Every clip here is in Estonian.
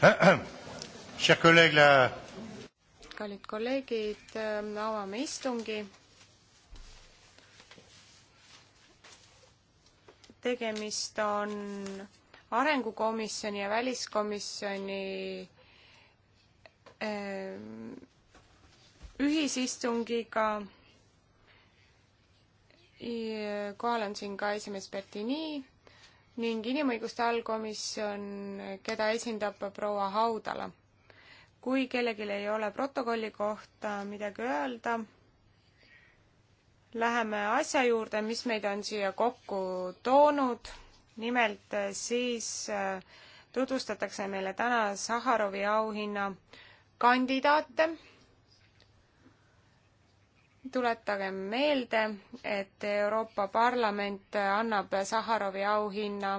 kallid kolleegid, äh, avame istungi. tegemist on arengukomisjoni ja väliskomisjoni äh, ühisistungiga. kohal on siin ka esimees Bertini ning Inimõiguste allkomisjon, keda esindab proua Haudala. kui kellelgi ei ole protokolli kohta midagi öelda, läheme asja juurde, mis meid on siia kokku toonud. nimelt siis äh, tutvustatakse meile täna Saharovi auhinna kandidaate tuletagem meelde, et Euroopa Parlament annab Saharovi auhinna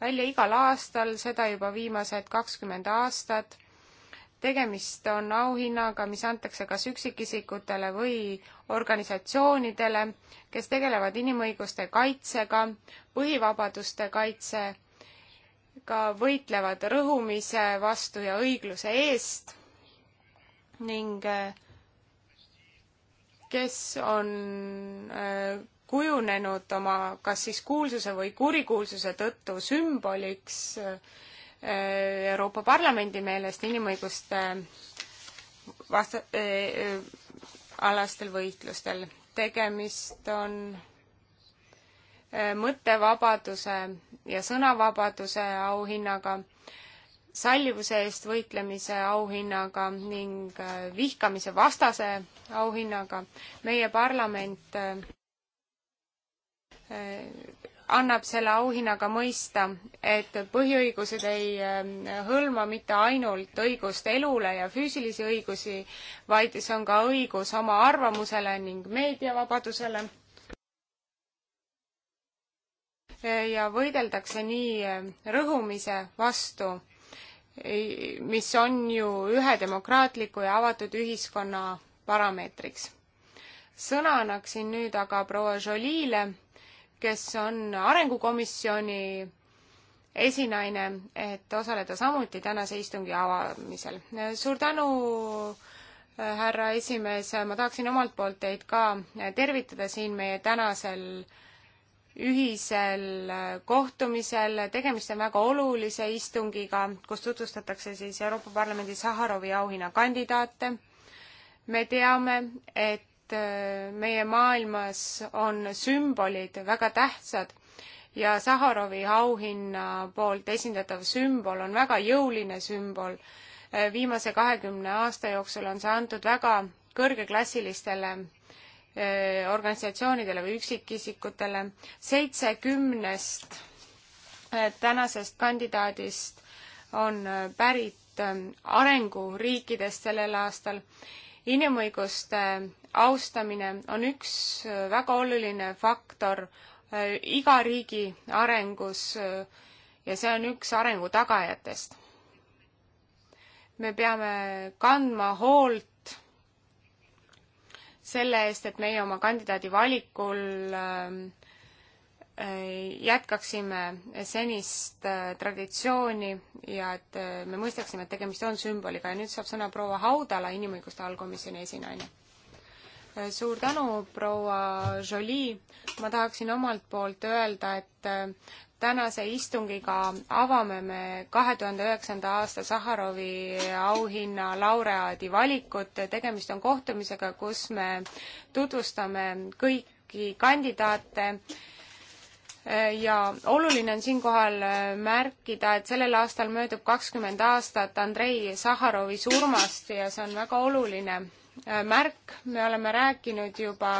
välja igal aastal, seda juba viimased kakskümmend aastat. tegemist on auhinnaga, mis antakse kas üksikisikutele või organisatsioonidele, kes tegelevad inimõiguste kaitsega, põhivabaduste kaitsega, võitlevad rõhumise vastu ja õigluse eest ning äh, kes on äh, kujunenud oma kas siis kuulsuse või kurikuulsuse tõttu sümboliks äh, Euroopa Parlamendi meelest inimõiguste vasta-, äh, alastel võitlustel. tegemist on mõttevabaduse ja sõnavabaduse auhinnaga sallivuse eest võitlemise auhinnaga ning äh, vihkamise vastase auhinnaga. meie parlament äh, äh, annab selle auhinnaga mõista, et põhiõigused ei hõlma mitte ainult õigust elule ja füüsilisi õigusi, vaid see on ka õigus oma arvamusele ning meediavabadusele. ja võideldakse nii rõhumise vastu mis on ju ühe demokraatliku ja avatud ühiskonna parameetriks. sõna annaksin nüüd aga proua Jolile, kes on Arengukomisjoni esinaine, et osaleda samuti tänase istungi avamisel. suur tänu, härra esimees, ma tahaksin omalt poolt teid ka tervitada siin meie tänasel ühisel äh, kohtumisel, tegemist on väga olulise istungiga, kus tutvustatakse siis Euroopa Parlamendi Saharovi auhinna kandidaate. me teame, et äh, meie maailmas on sümbolid väga tähtsad ja Saharovi auhinna poolt esindatav sümbol on väga jõuline sümbol. Äh, viimase kahekümne aasta jooksul on see antud väga kõrgeklassilistele Eh, organisatsioonidele või üksikisikutele. seitse kümnest eh, tänasest kandidaadist on eh, pärit arenguriikidest sellel aastal. inimõiguste austamine on üks väga oluline faktor iga riigi arengus ja see on üks arengu tagajatest. me peame kandma hoolt selle eest, et meie oma kandidaadi valikul ähm, äh, jätkaksime senist äh, traditsiooni ja et äh, me mõistaksime, et tegemist on sümboliga ja nüüd saab sõna proua Haudala, inimõiguste allkomisjoni esinaine. suur tänu, proua Jolie, ma tahaksin omalt poolt öelda, et tänase istungiga avame me kahe tuhande üheksanda aasta Saharovi auhinna laureaadi valikut. tegemist on kohtumisega, kus me tutvustame kõiki kandidaate ja oluline on siinkohal märkida, et sellel aastal möödub kakskümmend aastat Andrei Saharovi surmast ja see on väga oluline Äh, märk, me oleme rääkinud juba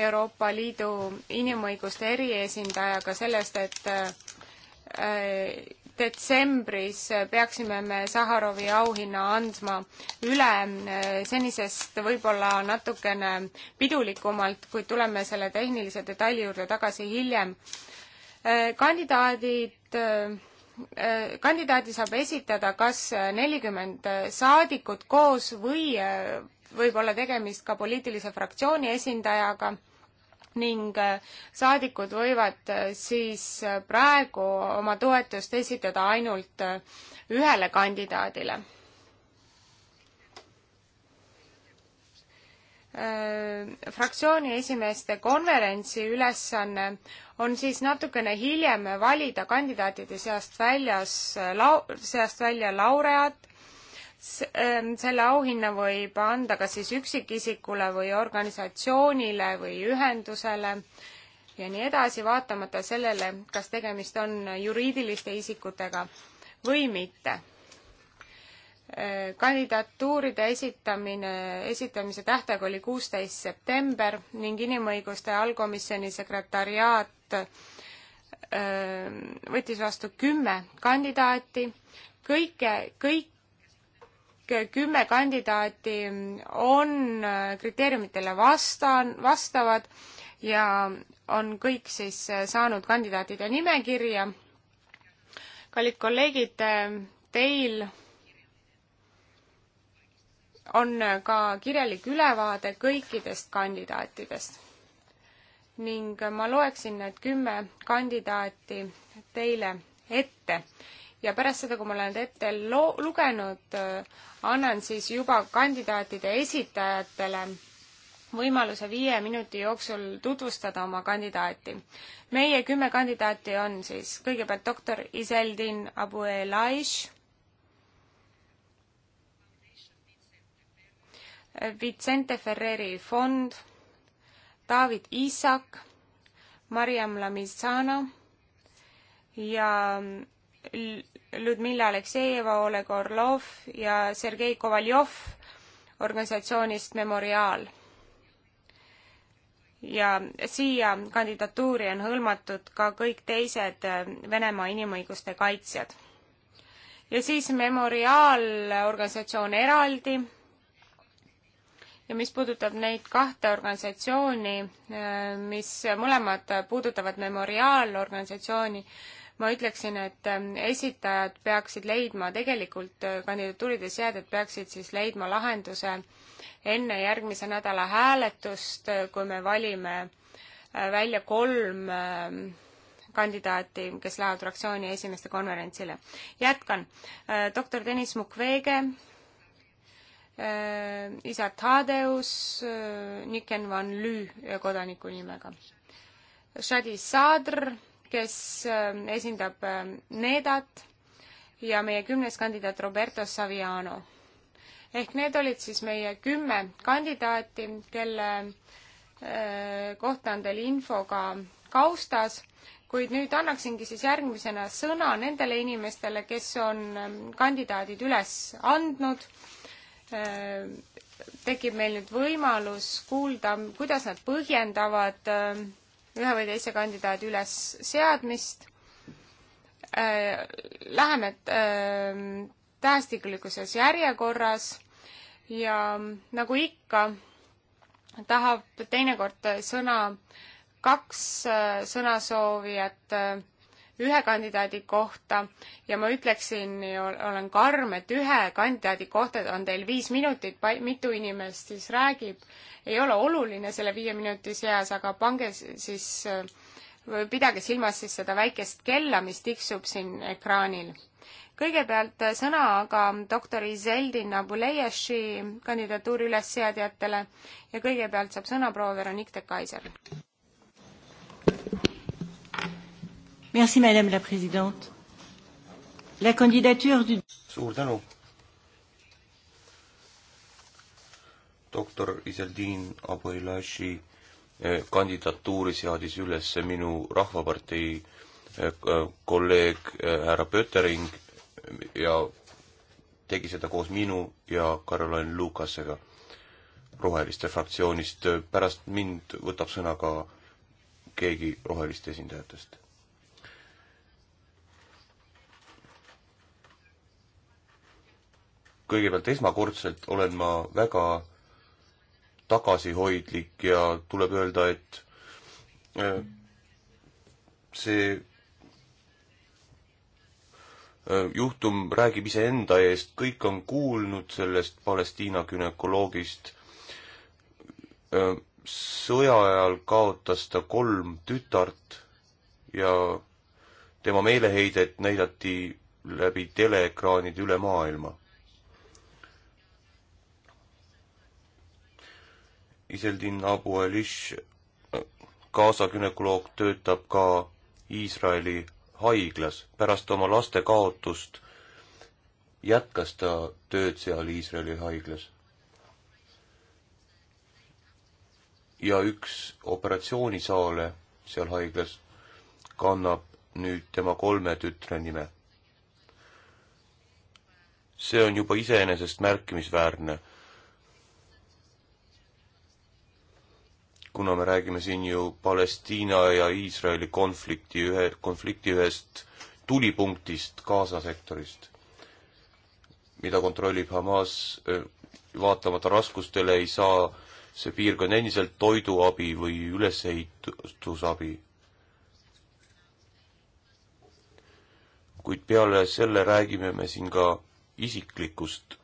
Euroopa Liidu inimõiguste eriesindajaga sellest, et äh, detsembris peaksime me Saharovi auhinna andma üle äh, senisest võib-olla natukene pidulikumalt, kuid tuleme selle tehnilise detaili juurde tagasi hiljem. kandidaadid kandidaadi saab esitada kas nelikümmend saadikut koos või võib olla tegemist ka poliitilise fraktsiooni esindajaga ning äh, saadikud võivad äh, siis äh, praegu oma toetust esitada ainult ühele kandidaadile. fraktsiooni esimeeste konverentsi ülesanne on siis natukene hiljem valida kandidaatide seast väljas lau-, seast välja laureaat Ähm, selle auhinna võib anda kas siis üksikisikule või organisatsioonile või ühendusele ja nii edasi, vaatamata sellele, kas tegemist on juriidiliste isikutega või mitte. Äh, kandidatuuride esitamine, esitamise tähtaeg oli kuusteist september ning Inimõiguste allkomisjoni sekretariaat äh, võttis vastu kümme kandidaati. kõike, kõik kümme kandidaati on kriteeriumitele vastan-, vastavad ja on kõik siis saanud kandidaatide nimekirja. kallid kolleegid, teil on ka kirjalik ülevaade kõikidest kandidaatidest ning ma loeksin need kümme kandidaati teile ette ja pärast seda, kui ma olen ette lo-, lugenud, äh, annan siis juba kandidaatide esitajatele võimaluse viie minuti jooksul tutvustada oma kandidaati. meie kümme kandidaati on siis kõigepealt doktor Iseldin Abuelaish, Vicente Ferreri fond, David Isak, Mariam Lamizana ja Ludmilla Aleksejeva, Oleg Orlov ja Sergei Kovaljov organisatsioonist Memoriaal. ja siia kandidatuuri on hõlmatud ka kõik teised äh, Venemaa inimõiguste kaitsjad. ja siis Memoriaal organisatsioon eraldi ja mis puudutab neid kahte organisatsiooni, äh, mis mõlemad puudutavad memoriaalorganisatsiooni, ma ütleksin, et ähm, esitajad peaksid leidma tegelikult äh, kandidatuuride seadjad peaksid siis leidma lahenduse enne järgmise nädala hääletust, äh, kui me valime äh, välja kolm ähm, kandidaati, kes lähevad fraktsiooni esimeeste konverentsile. jätkan. doktor Tõnis Mukwege, isa Tadeus, Niken van Lü kodaniku nimega. Shadi Sadr kes ähm, esindab ähm, Nedat ja meie kümnes kandidaat Roberto Saviano. ehk need olid siis meie kümme kandidaati, kelle äh, kohta on teil info ka kaustas, kuid nüüd annaksingi siis järgmisena sõna nendele inimestele, kes on ähm, kandidaadid üles andnud. Äh, tekib meil nüüd võimalus kuulda, kuidas nad põhjendavad ühe või teise kandidaadi ülesseadmist. Äh, läheme äh, tähestiklikus järjekorras ja nagu ikka, tahab teinekord sõna kaks äh, sõnasoovijat ühe kandidaadi kohta ja ma ütleksin, olen karm, et ühe kandidaadi kohta on teil viis minutit, mitu inimest siis räägib, ei ole oluline selle viie minuti seas, aga pange siis või pidage silmas siis seda väikest kella, mis tiksub siin ekraanil. kõigepealt sõna aga doktor Iseldin Abuleješi kandidatuuri ülesseadjatele ja kõigepealt saab sõna proua Veronique de Kaiser. Merci, madame la présidente. La candidature du... suur tänu. doktor Iseldin Abuelashi eh, kandidatuuri seadis üles minu Rahvapartei eh, kolleeg eh, härra Pöttering ja tegi seda koos minu ja Caroline Lukasega Roheliste fraktsioonist. pärast mind võtab sõna ka keegi Roheliste esindajatest kõigepealt esmakordselt olen ma väga tagasihoidlik ja tuleb öelda, et äh, see äh, juhtum räägib iseenda eest, kõik on kuulnud sellest Palestiina gümnakoloogist. Äh, sõja ajal kaotas ta kolm tütart ja tema meeleheidet näidati läbi teleekraanide üle maailma. Iseldin Abu Elish, Gaza gümnakoloog, töötab ka Iisraeli haiglas. pärast oma laste kaotust jätkas ta tööd seal Iisraeli haiglas. ja üks operatsioonisaale seal haiglas kannab nüüd tema kolme tütre nime. see on juba iseenesest märkimisväärne kuna me räägime siin ju Palestiina ja Iisraeli konflikti ühe, konflikti ühest tulipunktist Gaza sektorist, mida kontrollib Hamas, vaatamata raskustele ei saa see piirkond endiselt toiduabi või ülesehitusabi. kuid peale selle räägime me siin ka isiklikust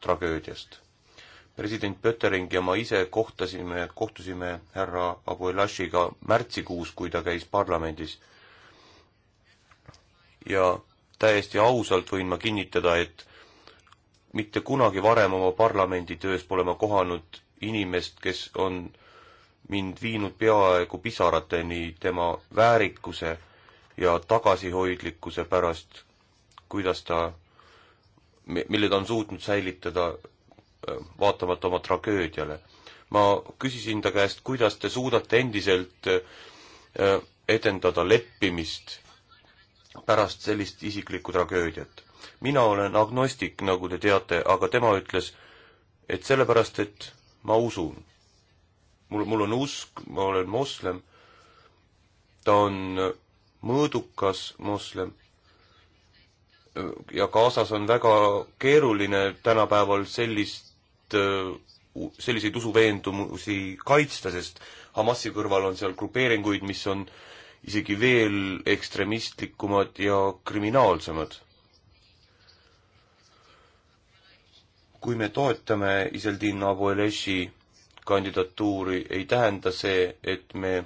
tragöödiast president Pöttering ja ma ise kohtasime, kohtusime härra Abuelashiga märtsikuus, kui ta käis parlamendis. ja täiesti ausalt võin ma kinnitada, et mitte kunagi varem oma parlamenditöös pole ma kohanud inimest, kes on mind viinud peaaegu pisarateni tema väärikuse ja tagasihoidlikkuse pärast, kuidas ta, mille ta on suutnud säilitada vaatamata oma tragöödiale. ma küsisin ta käest, kuidas te suudate endiselt äh, edendada leppimist pärast sellist isiklikku tragöödiat. mina olen agnostik, nagu te teate, aga tema ütles, et sellepärast, et ma usun. mul, mul on usk, ma olen moslem, ta on äh, mõõdukas moslem äh, ja Gazas on väga keeruline tänapäeval sellist Äh, selliseid usuveendumusi kaitsta, sest Hamasi kõrval on seal grupeeringuid, mis on isegi veel ekstremistlikumad ja kriminaalsemad. kui me toetame Iseldin Abueleshi kandidatuuri, ei tähenda see, et me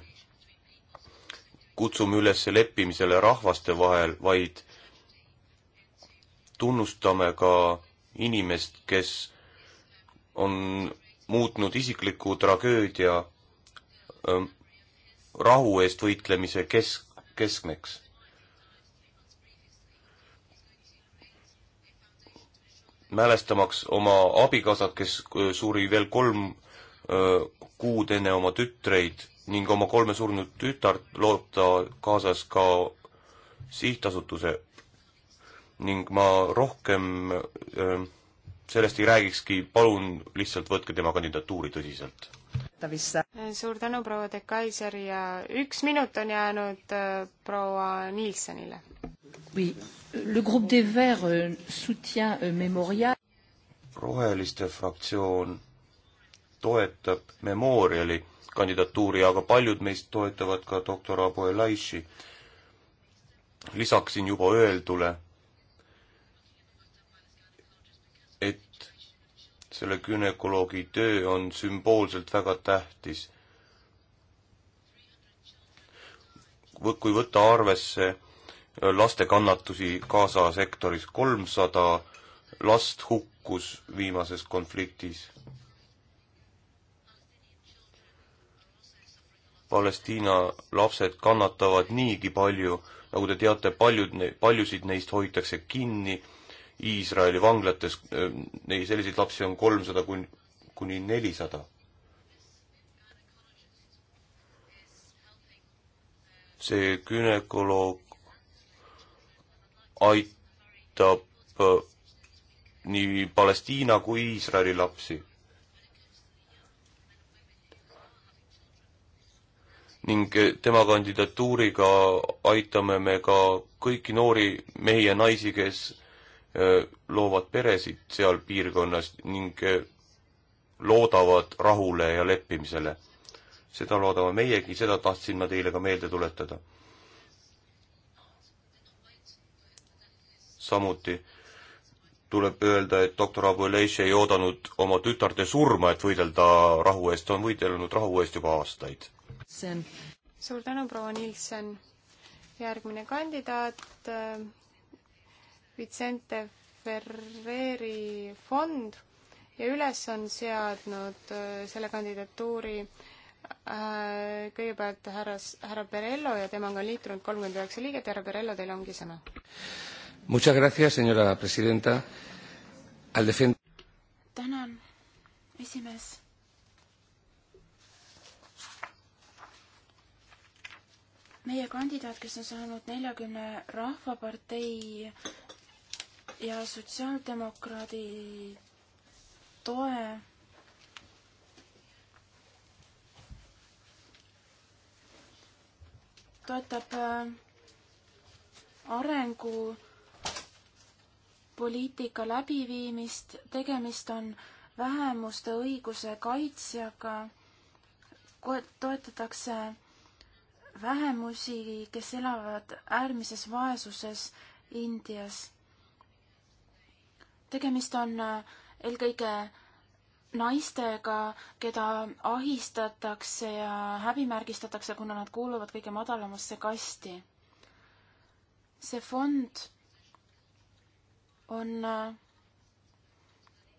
kutsume üles leppimisele rahvaste vahel, vaid tunnustame ka inimest, kes on muutnud isikliku tragöödia ähm, rahu eest võitlemise kesk, keskmeks. mälestamaks oma abikaasat, kes äh, suri veel kolm öö, äh, kuud enne oma tütreid ning oma kolme surnud tütart, loob ta kaasas ka sihtasutuse ning ma rohkem öö, äh, sellest ei räägikski, palun lihtsalt võtke tema kandidatuuri tõsiselt. suur tänu, proua de Kaiser ja üks minut on jäänud äh, proua Nielsenile. Euh, euh, roheliste fraktsioon toetab Memoriali kandidatuuri, aga paljud meist toetavad ka doktor Abu Elaishi. lisaksin juba öeldule selle gümnakoloogi töö on sümboolselt väga tähtis. kui võtta arvesse äh, laste kannatusi Gaza sektoris, kolmsada last hukkus viimases konfliktis. Palestiina lapsed kannatavad niigi palju, nagu te teate, paljud, paljusid neist hoitakse kinni Iisraeli vanglates, äh, neid selliseid lapsi on kolmsada kuni, kuni nelisada. see gümnakoloog aitab äh, nii Palestiina kui Iisraeli lapsi ning äh, tema kandidatuuriga aitame me ka kõiki noori mehi ja naisi, kes loovad peresid seal piirkonnas ning loodavad rahule ja leppimisele. seda loodame meiegi, seda tahtsin ma teile ka meelde tuletada. samuti tuleb öelda, et doktor Abu Leish ei oodanud oma tütarde surma, et võidelda rahu eest, ta on võidelnud rahu eest juba aastaid. suur tänu, proua Nilsson. järgmine kandidaat Vicente Ferreri fond ja üles on seadnud äh, selle kandidatuuri äh, kõigepealt härra, härra Perello ja temaga on liitunud kolmkümmend üheksa liiget, härra Perello, teil ongi sõna. tänan, esimees. meie kandidaat, kes on saanud neljakümne Rahvapartei ja sotsiaaldemokraadi toe toetab äh, arengu poliitika läbiviimist, tegemist on vähemuste õiguse kaitsjaga, toetatakse vähemusi, kes elavad äärmises vaesuses Indias tegemist on äh, eelkõige naistega, keda ahistatakse ja häbimärgistatakse, kuna nad kuuluvad kõige madalamasse kasti. see fond on äh,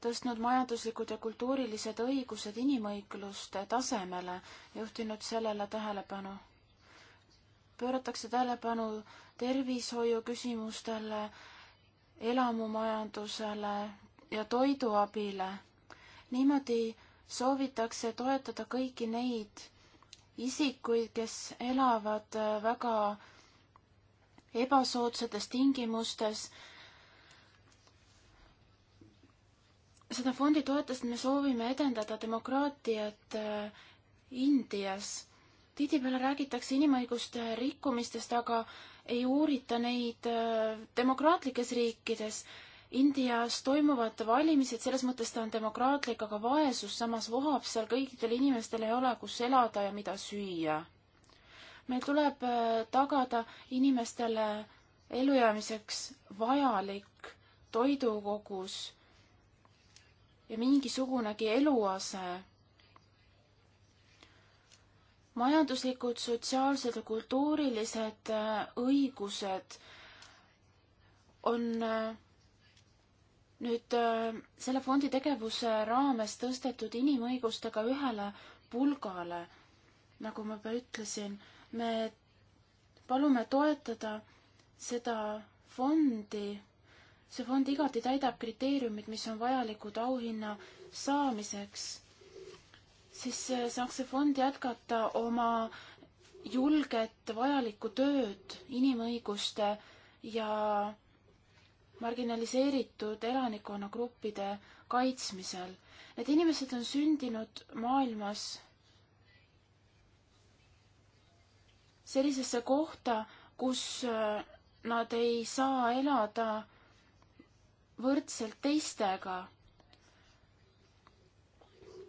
tõstnud majanduslikud ja kultuurilised õigused inimõigluste tasemele, juhtinud sellele tähelepanu. pööratakse tähelepanu tervishoiu küsimustele, elamumajandusele ja toiduabile. niimoodi soovitakse toetada kõiki neid isikuid, kes elavad äh, väga ebasoodsates tingimustes. seda fondi toetust me soovime edendada demokraatiat äh, Indias. tihtipeale räägitakse inimõiguste rikkumistest, aga ei uurita neid äh, demokraatlikes riikides. Indias toimuvad valimised, selles mõttes ta on demokraatlik, aga vaesus samas vohab seal, kõikidel inimestel ei ole, kus elada ja mida süüa. meil tuleb äh, tagada inimestele ellujäämiseks vajalik toidukogus ja mingisugunegi eluase majanduslikud, sotsiaalsed ja kultuurilised äh, õigused on äh, nüüd äh, selle fondi tegevuse raames tõstetud inimõigustega ühele pulgale. nagu ma juba ütlesin, me palume toetada seda fondi. see fond igati täidab kriteeriumid, mis on vajalikud auhinna saamiseks siis saaks see fond jätkata oma julget vajalikku tööd inimõiguste ja marginaliseeritud elanikkonnagruppide kaitsmisel. Need inimesed on sündinud maailmas sellisesse kohta, kus äh, nad ei saa elada võrdselt teistega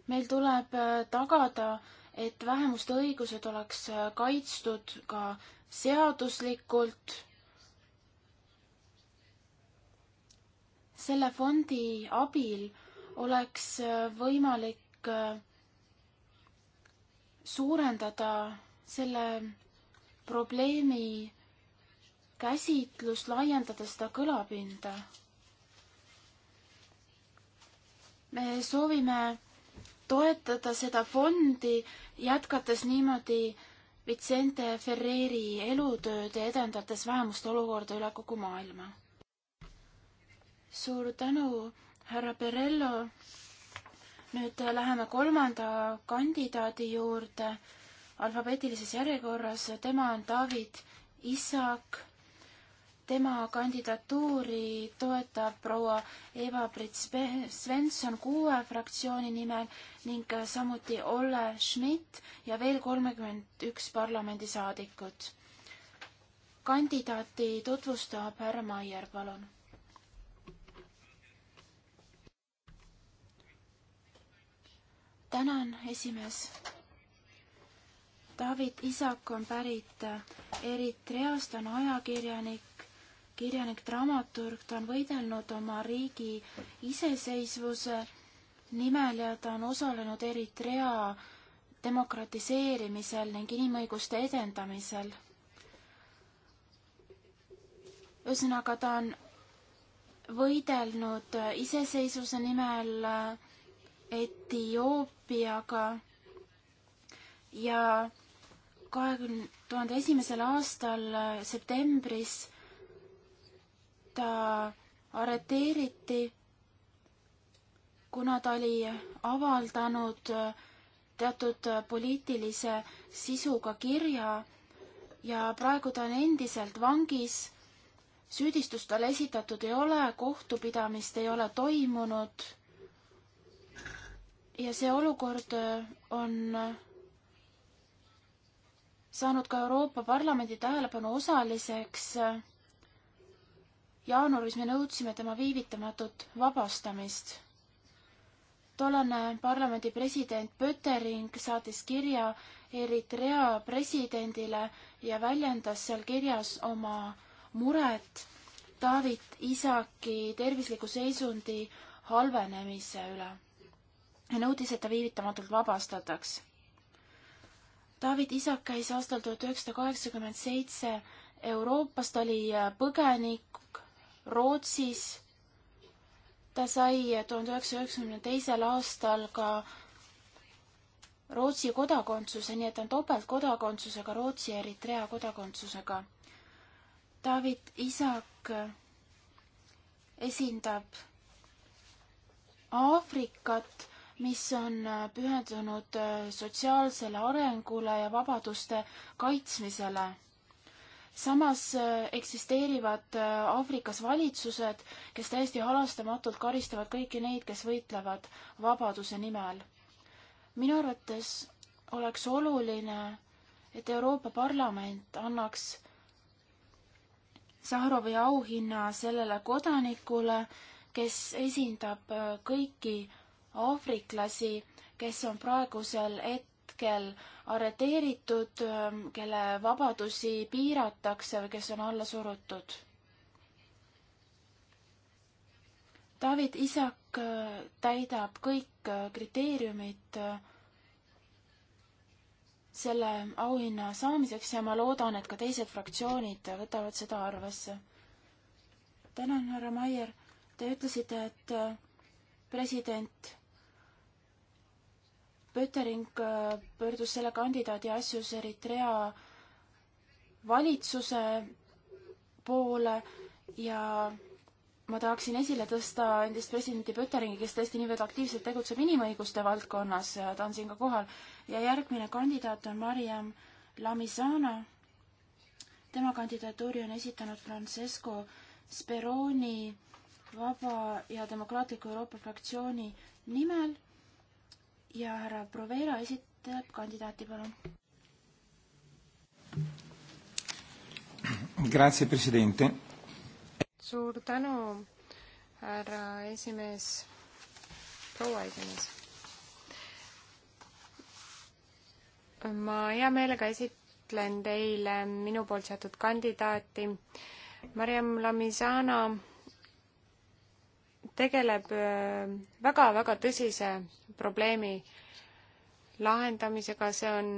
meil tuleb äh, tagada, et vähemuste õigused oleks äh, kaitstud ka seaduslikult. selle fondi abil oleks äh, võimalik suurendada selle probleemi käsitlust, laiendada seda kõlapinda. me soovime toetada seda fondi, jätkates niimoodi Vicente Ferreri elutööd ja edendades vähemuste olukorda üle kogu maailma. suur tänu, härra Perello. nüüd läheme kolmanda kandidaadi juurde alfabeetilises järjekorras. tema on David Isak tema kandidatuuri toetab proua Eva-Britt Svensson kuue fraktsiooni nimel ning samuti Olle Schmidt ja veel kolmekümmend üks parlamendisaadikut. kandidaati tutvustab härra Maier, palun. tänan, esimees David Isak on pärit Eritreast, on ajakirjanik kirjanik-dramaturg, ta on võidelnud oma riigi iseseisvuse nimel ja ta on osalenud Eritrea demokratiseerimisel ning inimõiguste edendamisel. ühesõnaga, ta on võidelnud iseseisvuse nimel Etioopiaga ja kahekümne tuhande esimesel aastal septembris ta arreteeriti, kuna ta oli avaldanud teatud poliitilise sisuga kirja ja praegu ta on endiselt vangis. süüdistust talle esitatud ei ole, kohtupidamist ei ole toimunud. ja see olukord on saanud ka Euroopa Parlamendi tähelepanu osaliseks jaanuaris me nõudsime tema viivitamatut vabastamist. tollane parlamendi president Pöttering saatis kirja Eritrea presidendile ja väljendas seal kirjas oma muret David Isaki tervisliku seisundi halvenemise üle ja nõudis, et ta viivitamatult vabastataks. David Isak käis aastal tuhat üheksasada kaheksakümmend seitse Euroopas, ta oli põgenik Rootsis. ta sai tuhande üheksasaja üheksakümne teisel aastal ka Rootsi kodakondsuse, nii et ta on topeltkodakondsusega Rootsi ja Eritrea kodakondsusega. David Isak esindab Aafrikat, mis on pühendunud sotsiaalsele arengule ja vabaduste kaitsmisele samas äh, eksisteerivad äh, Aafrikas valitsused, kes täiesti halastamatult karistavad kõiki neid, kes võitlevad vabaduse nimel. minu arvates oleks oluline, et Euroopa Parlament annaks Sahharovi auhinna sellele kodanikule, kes esindab äh, kõiki aafriklasi, kes on praegusel hetkel hetkel arreteeritud, ähm, kelle vabadusi piiratakse või kes on alla surutud. David Isak äh, täidab kõik äh, kriteeriumid äh, selle auhinna saamiseks ja ma loodan, et ka teised fraktsioonid võtavad seda arvesse. tänan, härra Maier, te ütlesite, et president Pöttering äh, pöördus selle kandidaadi asjus Eritrea valitsuse poole ja ma tahaksin esile tõsta endist presidenti Pötteringi, kes tõesti niivõrd aktiivselt tegutseb inimõiguste valdkonnas ja ta on siin ka kohal. ja järgmine kandidaat on Mariam Lamizana. tema kandidatuuri on esitanud Francesco Speroni Vaba ja Demokraatliku Euroopa fraktsiooni nimel ja härra Provera esitab kandidaati, palun. Grazie, president. suur tänu, härra esimees, proua esimees. ma hea meelega esitlen teile minu poolt seatud kandidaati. Mariam Lamisana tegeleb väga-väga tõsise probleemi lahendamisega, see on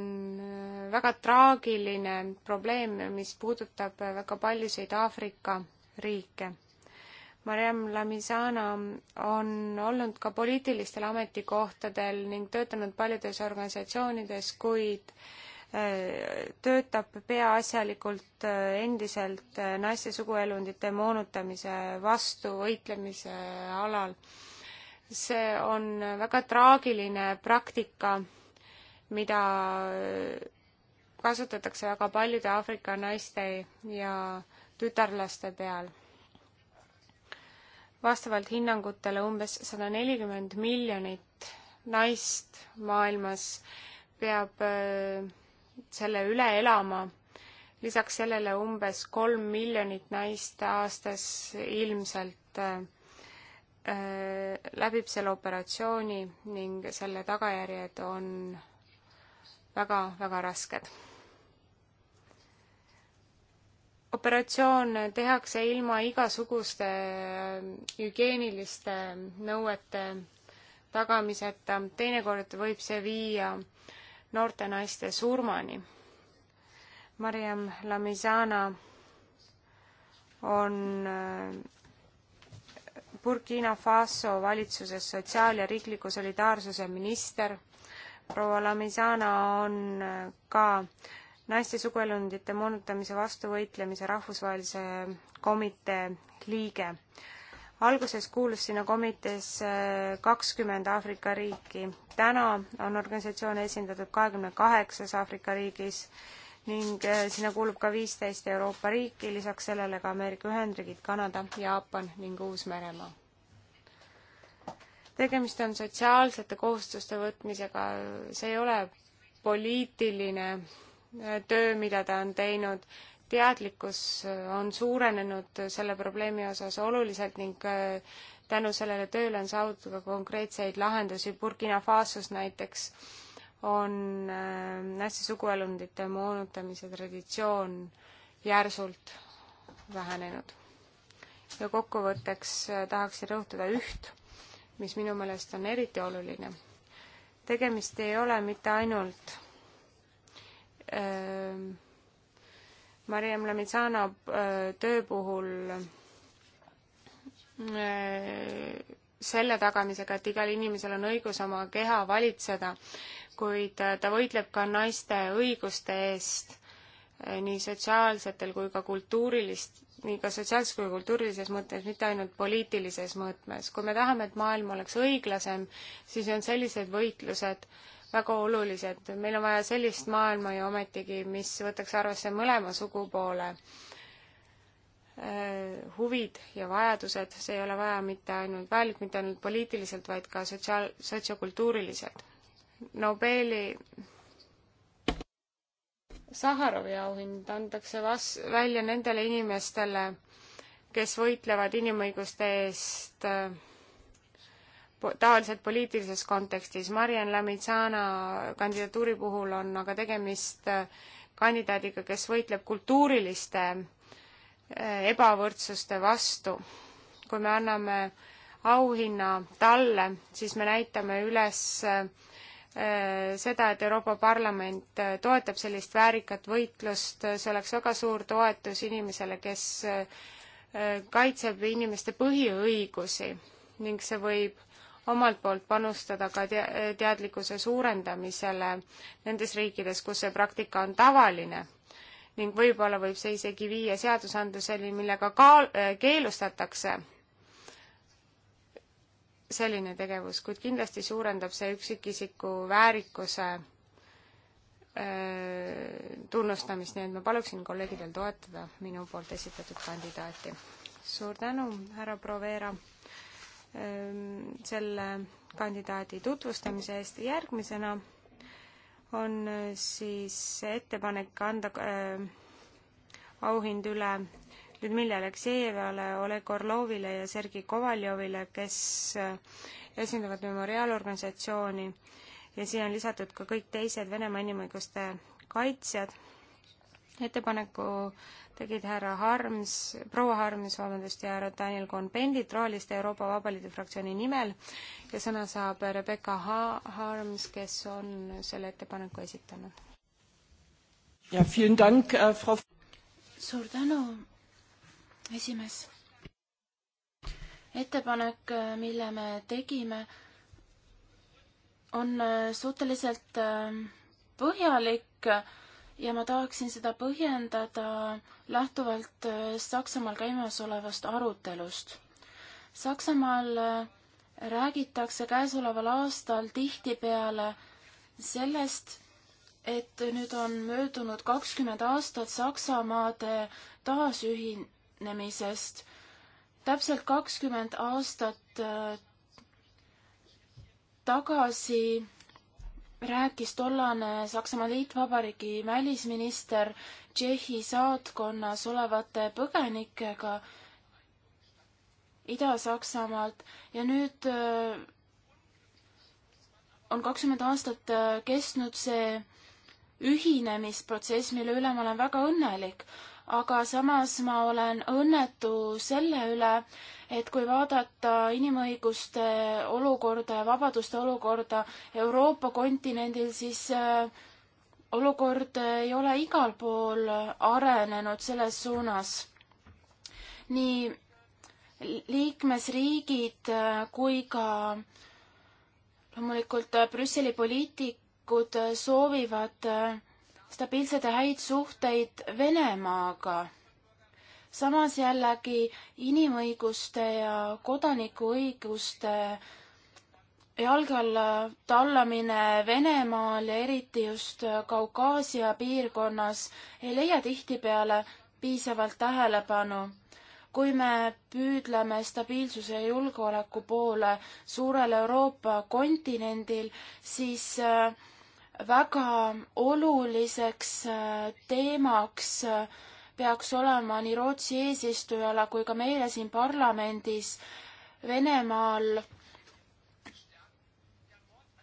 väga traagiline probleem, mis puudutab väga paljusid Aafrika riike. Mariam Lamizana on olnud ka poliitilistel ametikohtadel ning töötanud paljudes organisatsioonides, kuid äh, töötab peaasjalikult äh, endiselt äh, naiste suguelundite moonutamise vastu võitlemise alal. see on väga traagiline praktika, mida äh, kasutatakse väga paljude Aafrika naiste ja tütarlaste peal. vastavalt hinnangutele umbes sada nelikümmend miljonit naist maailmas peab äh, selle üle elama. lisaks sellele umbes kolm miljonit naist aastas ilmselt äh, äh, läbib selle operatsiooni ning selle tagajärjed on väga-väga rasked. operatsioon tehakse ilma igasuguste äh, hügieeniliste nõuete tagamiseta, teinekord võib see viia noorte naiste surmani. Mariam Lamizana on äh, Burkina Faso valitsuses sotsiaal- ja riikliku solidaarsuse minister. proua Lamizana on äh, ka naiste suguelundite moonutamise vastu võitlemise rahvusvahelise komitee liige alguses kuulus sinna komiteesse kakskümmend Aafrika riiki. täna on organisatsioon esindatud kahekümne kaheksas Aafrika riigis ning äh, sinna kuulub ka viisteist Euroopa riiki, lisaks sellele ka Ameerika Ühendriigid, Kanada, Jaapan ning Uus-Meremaa. tegemist on sotsiaalsete kohustuste võtmisega, see ei ole poliitiline äh, töö, mida ta on teinud, teadlikkus äh, on suurenenud selle probleemi osas oluliselt ning äh, tänu sellele tööle on saadud ka konkreetseid lahendusi. Burkina Fasos näiteks on äh, naiste suguelundite moonutamise traditsioon järsult vähenenud. ja kokkuvõtteks tahaksin rõhutada üht, mis minu meelest on eriti oluline. tegemist ei ole mitte ainult öö, Mariam Lamitsana äh, töö puhul äh, selle tagamisega, et igal inimesel on õigus oma keha valitseda, kuid äh, ta võitleb ka naiste õiguste eest nii sotsiaalsetel kui ka kultuurilist, nii ka sotsiaalses kui kultuurilises mõttes, mitte ainult poliitilises mõõtmes. kui me tahame, et maailm oleks õiglasem, siis on sellised võitlused äh, väga olulised. meil on vaja sellist maailma ju ometigi, mis võtaks arvesse mõlema sugupoole äh, huvid ja vajadused, see ei ole vaja mitte ainult, vajalik mitte ainult poliitiliselt, vaid ka sotsiaal, sotsiokultuuriliselt. Nobeli Saharovi auhind antakse vas-, välja nendele inimestele, kes võitlevad inimõiguste eest äh, taoliselt poliitilises kontekstis. Mariann Lamitsana kandidatuuri puhul on aga tegemist äh, kandidaadiga, kes võitleb kultuuriliste äh, ebavõrdsuste vastu. kui me anname auhinna talle, siis me näitame üles äh, seda, et Euroopa Parlament toetab sellist väärikat võitlust, see oleks väga suur toetus inimesele, kes kaitseb inimeste põhiõigusi ning see võib omalt poolt panustada ka te teadlikkuse suurendamisele nendes riikides, kus see praktika on tavaline ning võib-olla võib see isegi viia seadusandluseni, millega kaal-, äh, keelustatakse selline tegevus, kuid kindlasti suurendab see üksikisiku väärikuse äh, tunnustamist, nii et ma paluksin kolleegidel toetada minu poolt esitatud kandidaati. suur tänu, härra Provera! Ehm, selle kandidaadi tutvustamise eest. järgmisena on eh, siis ettepanek anda äh, auhind üle Ludmilla Aleksejevale, Oleg Orlovile ja Sergei Kovaljovile, kes eh, esindavad memoriaalorganisatsiooni ja siia on lisatud ka kõik teised Venemaa inimõiguste kaitsjad ettepaneku tegid härra Harms, proua Harms, vabandust, ja härra Daniel Cohn-Bendit roolist Euroopa Vabaliidu fraktsiooni nimel ja sõna saab Rebecca ha Harms, kes on selle ettepaneku esitanud. ja, dank, äh, Frau... suur tänu, esimees. ettepanek, äh, mille me tegime, on äh, suhteliselt äh, põhjalik äh, ja ma tahaksin seda põhjendada lähtuvalt äh, Saksamaal käimasolevast arutelust. Saksamaal äh, räägitakse käesoleval aastal tihtipeale sellest, et nüüd on möödunud kakskümmend aastat Saksamaade taasühinemisest. täpselt kakskümmend aastat äh, tagasi rääkis tollane Saksamaa Liitvabariigi välisminister Tšehhi saatkonnas olevate põgenikega Ida-Saksamaalt ja nüüd äh, on kakskümmend aastat äh, kestnud see ühinemisprotsess, mille üle ma olen väga õnnelik, aga samas ma olen õnnetu selle üle, et kui vaadata inimõiguste olukorda ja vabaduste olukorda Euroopa kontinendil, siis äh, olukord ei ole igal pool arenenud selles suunas. nii liikmesriigid äh, kui ka loomulikult äh, Brüsseli poliitikud soovivad stabiilsed ja häid suhteid Venemaaga. samas jällegi inimõiguste ja kodanikuõiguste jalge alla tallamine Venemaal ja eriti just Kaukaasia piirkonnas ei leia tihtipeale piisavalt tähelepanu. kui me püüdleme stabiilsuse ja julgeoleku poole suurel Euroopa kontinendil, siis äh, väga oluliseks äh, teemaks äh, peaks olema nii Rootsi eesistujale kui ka meile siin parlamendis Venemaal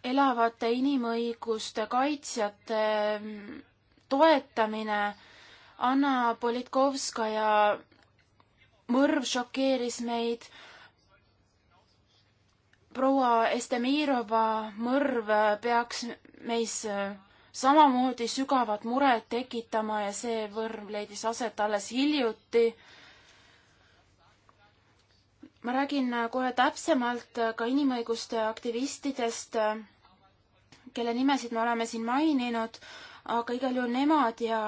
elavate inimõiguste kaitsjate mm, toetamine. Anna Politkovskaja mõrv šokeeris meid. proua Estemirova mõrv peaks meis äh, samamoodi sügavat muret tekitama ja see võrm leidis aset alles hiljuti. ma räägin äh, kohe täpsemalt äh, ka inimõiguste aktivistidest, kelle nimesid me oleme siin maininud, aga igal juhul nemad ja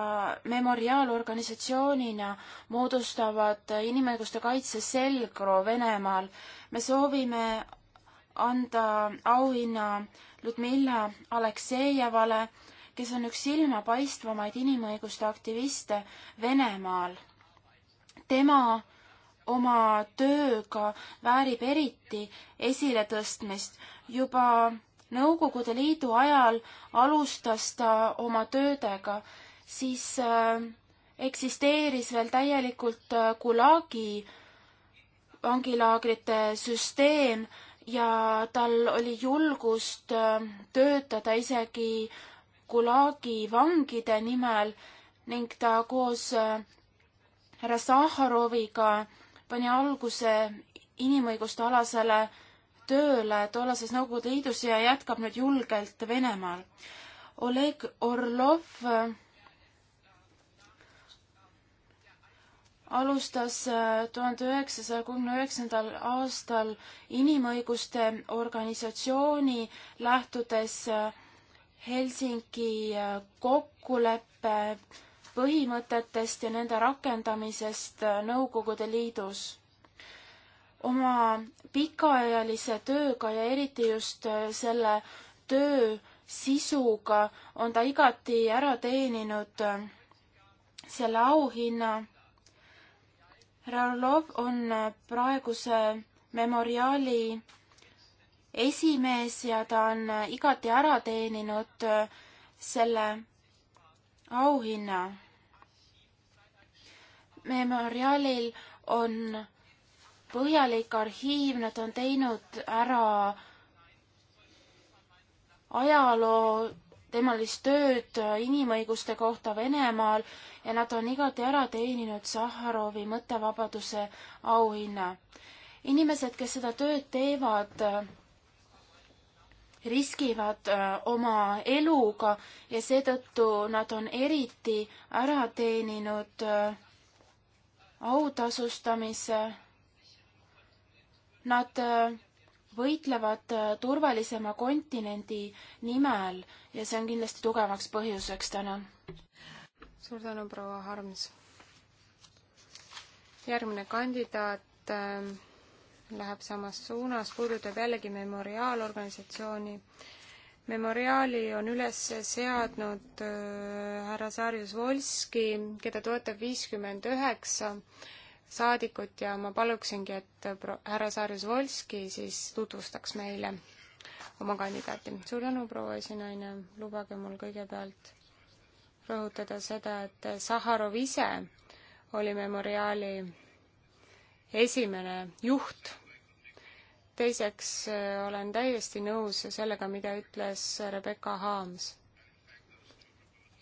memoriaalorganisatsioonina moodustavad inimõiguste kaitse selgroo Venemaal. me soovime anda auhinna Ludmilla Aleksejevale, kes on üks silmapaistvamaid inimõiguste aktiviste Venemaal. tema oma tööga väärib eriti esiletõstmist. juba Nõukogude Liidu ajal alustas ta oma töödega, siis äh, eksisteeris veel täielikult äh, Gulagi vangilaagrite süsteem ja tal oli julgust äh, töötada isegi Gulagi vangide nimel ning ta koos äh, härra Sahharoviga pani alguse inimõiguste alasele tööle tollases Nõukogude Liidus ja jätkab nüüd julgelt Venemaal. Oleg Orlov äh, alustas äh, tuhande üheksasaja kolmekümne üheksandal aastal inimõiguste organisatsiooni, lähtudes äh, Helsingi äh, kokkuleppe põhimõtetest ja nende rakendamisest Nõukogude Liidus oma pikaajalise tööga ja eriti just selle töö sisuga on ta igati ära teeninud selle auhinna, härra Orlov on äh, praeguse memoriaali esimees ja ta on äh, igati ära teeninud äh, selle auhinna. memoriaalil on põhjalik arhiiv, nad on teinud ära ajaloo temalist tööd äh, inimõiguste kohta Venemaal ja nad on igati ära teeninud Sahharovi mõttevabaduse auhinna. inimesed, kes seda tööd teevad, äh, riskivad äh, oma eluga ja seetõttu nad on eriti ära teeninud autasustamise. Nad võitlevad äh, turvalisema kontinendi nimel ja see on kindlasti tugevaks põhjuseks täna. suur tänu, proua Harms. järgmine kandidaat äh, läheb samas suunas, puudutab jällegi memoriaalorganisatsiooni. memoriaali on üles seadnud äh, härra Sarjus Volski, keda toetab viiskümmend üheksa saadikut ja ma paluksingi, et härra Saarjus Volski siis tutvustaks meile oma kandidaati. suur tänu, proua esinaine, lubage mul kõigepealt rõhutada seda, et Saharov ise oli memoriaali esimene juht. teiseks äh, olen täiesti nõus sellega, mida ütles Rebecca Haams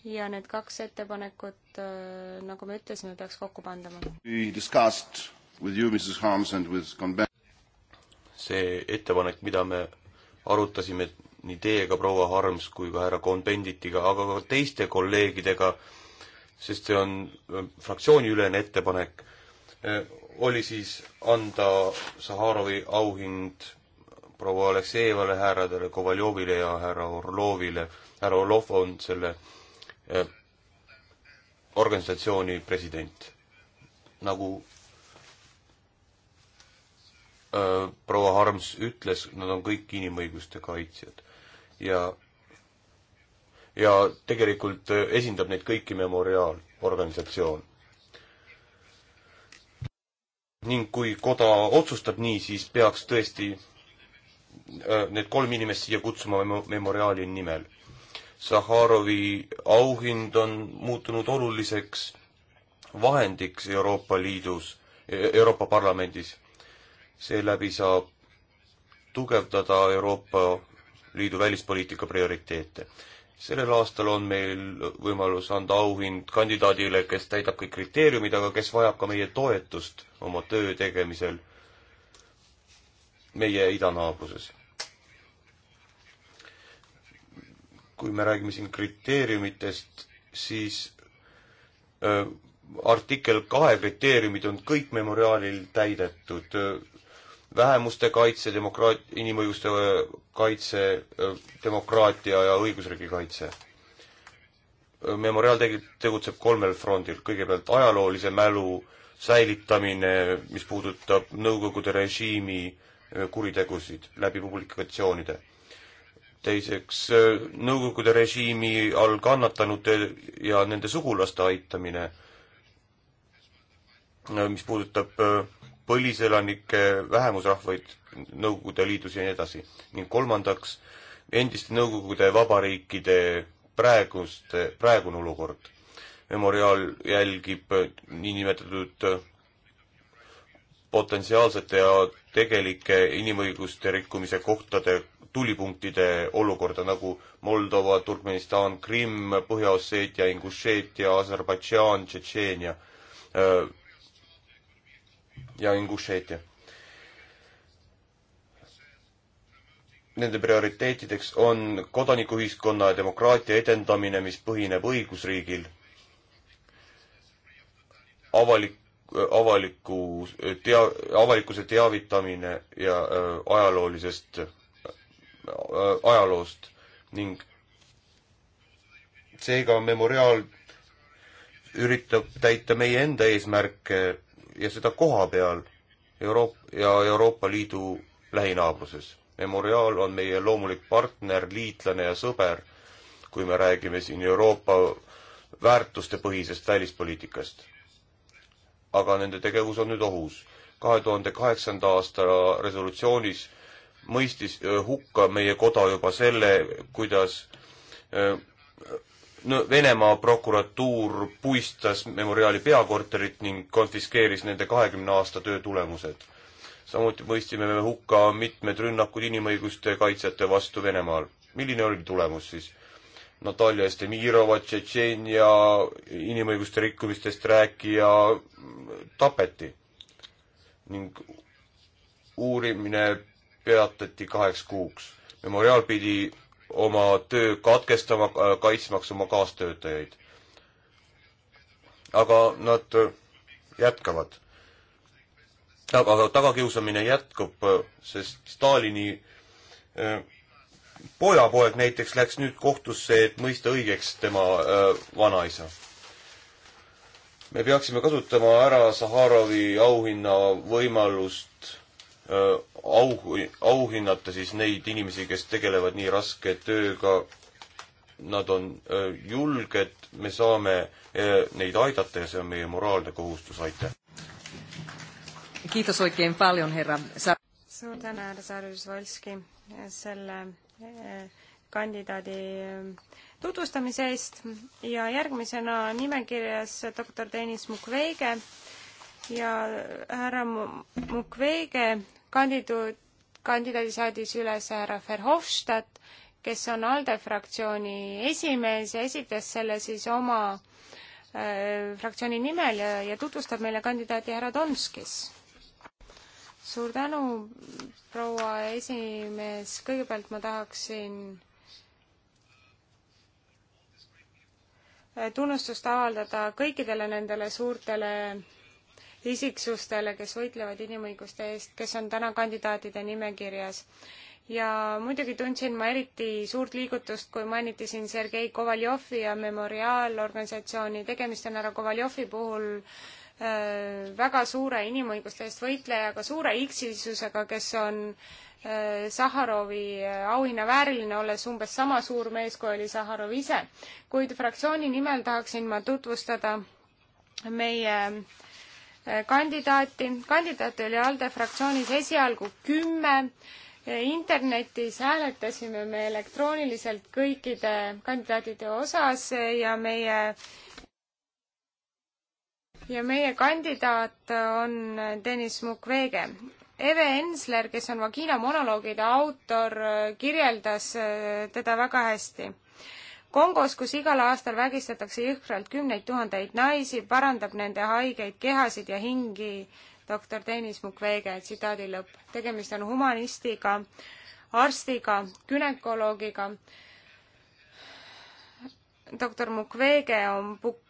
ja need kaks ettepanekut, äh, nagu me ütlesime, peaks kokku pandama. see ettepanek, mida me arutasime nii teiega, proua Harms, kui ka härra Kohn-Benditiga, aga ka teiste kolleegidega, sest see on äh, fraktsiooniülene ettepanek, äh, oli siis anda Saharovi auhind proua Aleksejevale, härradele Kovaljovile ja härra Orlovile. härra Orlov on selle äh, Äh, organisatsiooni president, nagu äh, proua Harms ütles, nad on kõik inimõiguste kaitsjad ja ja tegelikult äh, esindab neid kõiki Memoriaal organisatsioon. ning kui koda otsustab nii, siis peaks tõesti need kolm inimest siia kutsuma Memoriaali nimel. Saharovi auhind on muutunud oluliseks vahendiks Euroopa Liidus, e-, Euroopa Parlamendis. seeläbi saab tugevdada Euroopa Liidu välispoliitika prioriteete. sellel aastal on meil võimalus anda auhind kandidaadile, kes täidab kõik kriteeriumid, aga kes vajab ka meie toetust oma töö tegemisel meie idanaabruses. kui me räägime siin kriteeriumitest, siis öö, artikkel kahe kriteeriumid on kõik memoriaalil täidetud. vähemuste kaitse, demokraat-, inimõiguste kaitse, demokraatia ja õigusriigi kaitse. memoriaal tegi-, tegutseb kolmel frondil, kõigepealt ajaloolise mälu säilitamine, mis puudutab Nõukogude režiimi kuritegusid läbi publikatsioonide teiseks Nõukogude režiimi all kannatanute ja nende sugulaste aitamine, mis puudutab äh, põliselanikke, vähemusrahvaid Nõukogude Liidus ja nii edasi. ning kolmandaks, endiste Nõukogude vabariikide praegust, praegune olukord. memoriaal jälgib niinimetatud äh, potentsiaalsete ja tegelike inimõiguste rikkumise kohtade tulipunktide olukorda, nagu Moldova, Turkmenistan, Krimm, Põhja-Osseetia, Ingušeetia, Aserbaidžaan, Tšetšeenia äh, ja Ingušeetia. Nende prioriteetideks on kodanikuühiskonna ja demokraatia edendamine, mis põhineb õigusriigil, avalik avaliku tea-, avalikkuse teavitamine ja äh, ajaloolisest äh,, ajaloost ning seega memoriaal üritab täita meie enda eesmärke ja seda koha peal Euroop- ja Euroopa Liidu lähinaabruses. Memoriaal on meie loomulik partner, liitlane ja sõber, kui me räägime siin Euroopa väärtustepõhisest välispoliitikast aga nende tegevus on nüüd ohus. kahe tuhande kaheksanda aasta resolutsioonis mõistis hukka meie koda juba selle, kuidas no Venemaa prokuratuur puistas Memoriali peakorterit ning konfiskeeris nende kahekümne aasta töö tulemused. samuti mõistsime me hukka mitmed rünnakud inimõiguste kaitsjate vastu Venemaal. milline oli tulemus siis? Natalja Estemirova, Tšetšeenia inimõiguste rikkumistest rääkija tapeti ning uurimine peatati kaheks kuuks. Memoriaal pidi oma töö katkestama, kaitsmaks oma kaastöötajaid. aga nad jätkavad. aga tagakiusamine jätkub, sest Stalini äh, pojapoeg näiteks läks nüüd kohtusse, et mõista õigeks tema äh, vanaisa. me peaksime kasutama ära Saharovi auhinna võimalust äh, au, auhinnata siis neid inimesi, kes tegelevad nii raske tööga. Nad on äh, julged, me saame äh, neid aidata ja see on meie moraalne kohustus, aitäh. Kiitos oikein paljon, herra. Suur tänu, härra Sarjus Volski, selle kandidaadi tutvustamise eest ja järgmisena nimekirjas doktor Deniss Mukwege ja härra Mukwege kandidu-, kandidaadi saadis üles härra Verhofstadt, kes on ALDE fraktsiooni esimees ja esitas selle siis oma äh, fraktsiooni nimel ja, ja tutvustab meile kandidaati härra Donskis suur tänu, proua esimees, kõigepealt ma tahaksin äh, tunnustust avaldada kõikidele nendele suurtele isiksustele, kes võitlevad inimõiguste eest, kes on täna kandidaatide nimekirjas. ja muidugi tundsin ma eriti suurt liigutust, kui mainiti siin Sergei Kovaljovi ja Memoriaalorganisatsiooni. tegemist on härra Kovaljovi puhul äh, Äh, väga suure inimõiguste eest võitlejaga, suure iksisusega, kes on äh, Saharovi äh, auhinna vääriline, olles umbes sama suur mees, kui oli Saharov ise. kuid fraktsiooni nimel tahaksin ma tutvustada meie kandidaati. kandidaate oli ALDE fraktsioonis esialgu kümme. internetis hääletasime me elektrooniliselt kõikide kandidaatide osas ja meie ja meie kandidaat on Deniss Mukwege. Eve Ensler, kes on Vagina monoloogide autor, kirjeldas äh, teda väga hästi. Kongos, kus igal aastal vägistatakse jõhkralt kümneid tuhandeid naisi, parandab nende haigeid kehasid ja hingi doktor Deniss Mukwege, tsitaadi lõpp. tegemist on humanistiga, arstiga, günekoloogiga. doktor Mukwege on Buk-,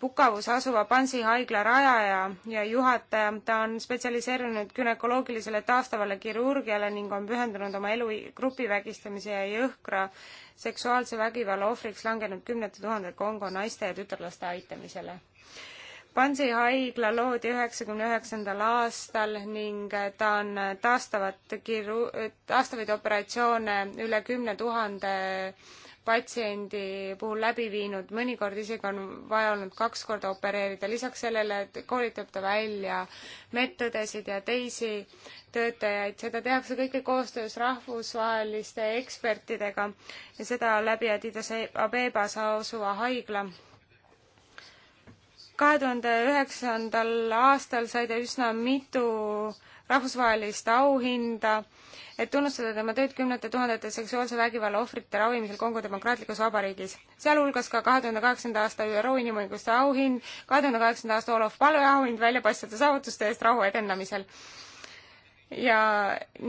Pukavus äh, asuva Pansi haigla rajaja ja juhataja. ta on spetsialiseerunud gümnakoloogilisele taastavale kirurgiale ning on pühendunud oma elu grupivägistamise ja jõhkra seksuaalse vägivalla ohvriks langenud kümnete tuhandete Kongo naiste ja tütarlaste aitamisele. Pansi haigla loodi üheksakümne üheksandal aastal ning ta on taastavat kiru-, taastavaid operatsioone üle kümne tuhande 000 patsiendi puhul läbi viinud, mõnikord isegi on vaja olnud kaks korda opereerida, lisaks sellele, et koolitab ta välja medõdesid ja teisi töötajaid, seda tehakse kõike koostöös rahvusvaheliste ekspertidega ja seda läbi Adidas Abebas asuva haigla kahe tuhande üheksandal aastal sai ta üsna mitu rahvusvahelist auhinda et tunnustada tema tööd kümnete tuhandete seksuaalse vägivalla ohvrite ravimisel Kongo Demokraatlikus Vabariigis. sealhulgas ka kahe tuhande kaheksanda aasta ÜRO inimõiguste auhind, kahe tuhande kaheksanda aasta Olav Palve auhind väljapaistvate saavutuste eest rahu edendamisel. ja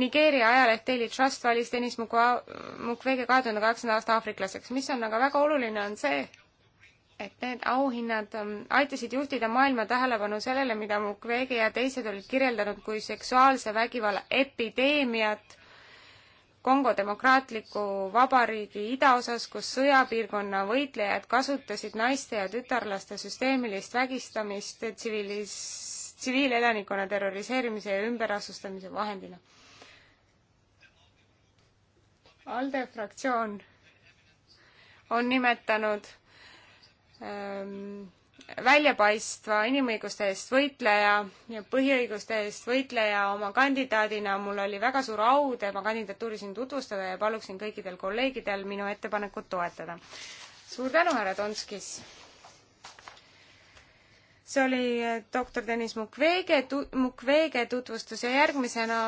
Nigeeria ajaleht Daily Trust valis Deniss Mukwege kahe tuhande kaheksanda aasta aafriklaseks. mis on aga väga oluline, on see, et need auhinnad ähm, aitasid juhtida maailma tähelepanu sellele, mida Mukwege ja teised olid kirjeldanud kui seksuaalse vägivalla epideemiat Kongo Demokraatliku Vabariigi idaosas, kus sõjapiirkonna võitlejad kasutasid naiste ja tütarlaste süsteemilist vägistamist tsiviilis, tsiviilelanikkonna terroriseerimise ja ümberasustamise vahendina. ALDE fraktsioon on nimetanud ähm, väljapaistva inimõiguste eest võitleja ja põhiõiguste eest võitleja oma kandidaadina. mul oli väga suur au tema kandidatuuri siin tutvustada ja paluksin kõikidel kolleegidel minu ettepanekut toetada. suur tänu, härra Tonskis! see oli eh, doktor Deniss Mukwege, Mukwege tutvustus ja järgmisena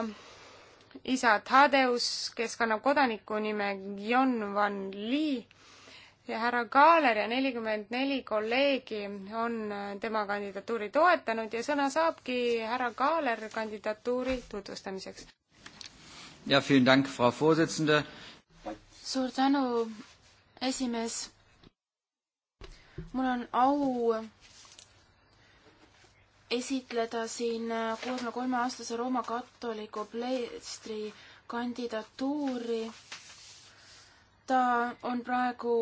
isa Tadeus, kes kannab kodaniku nime John Van Lee ja härra Kaaler ja nelikümmend neli kolleegi on äh, tema kandidatuuri toetanud ja sõna saabki härra Kaaler kandidatuuri tutvustamiseks. ja, suur tänu, esimees. mul on au esitleda siin kuuekümne kolme aastase Rooma katoliku pleestri kandidatuuri ta on praegu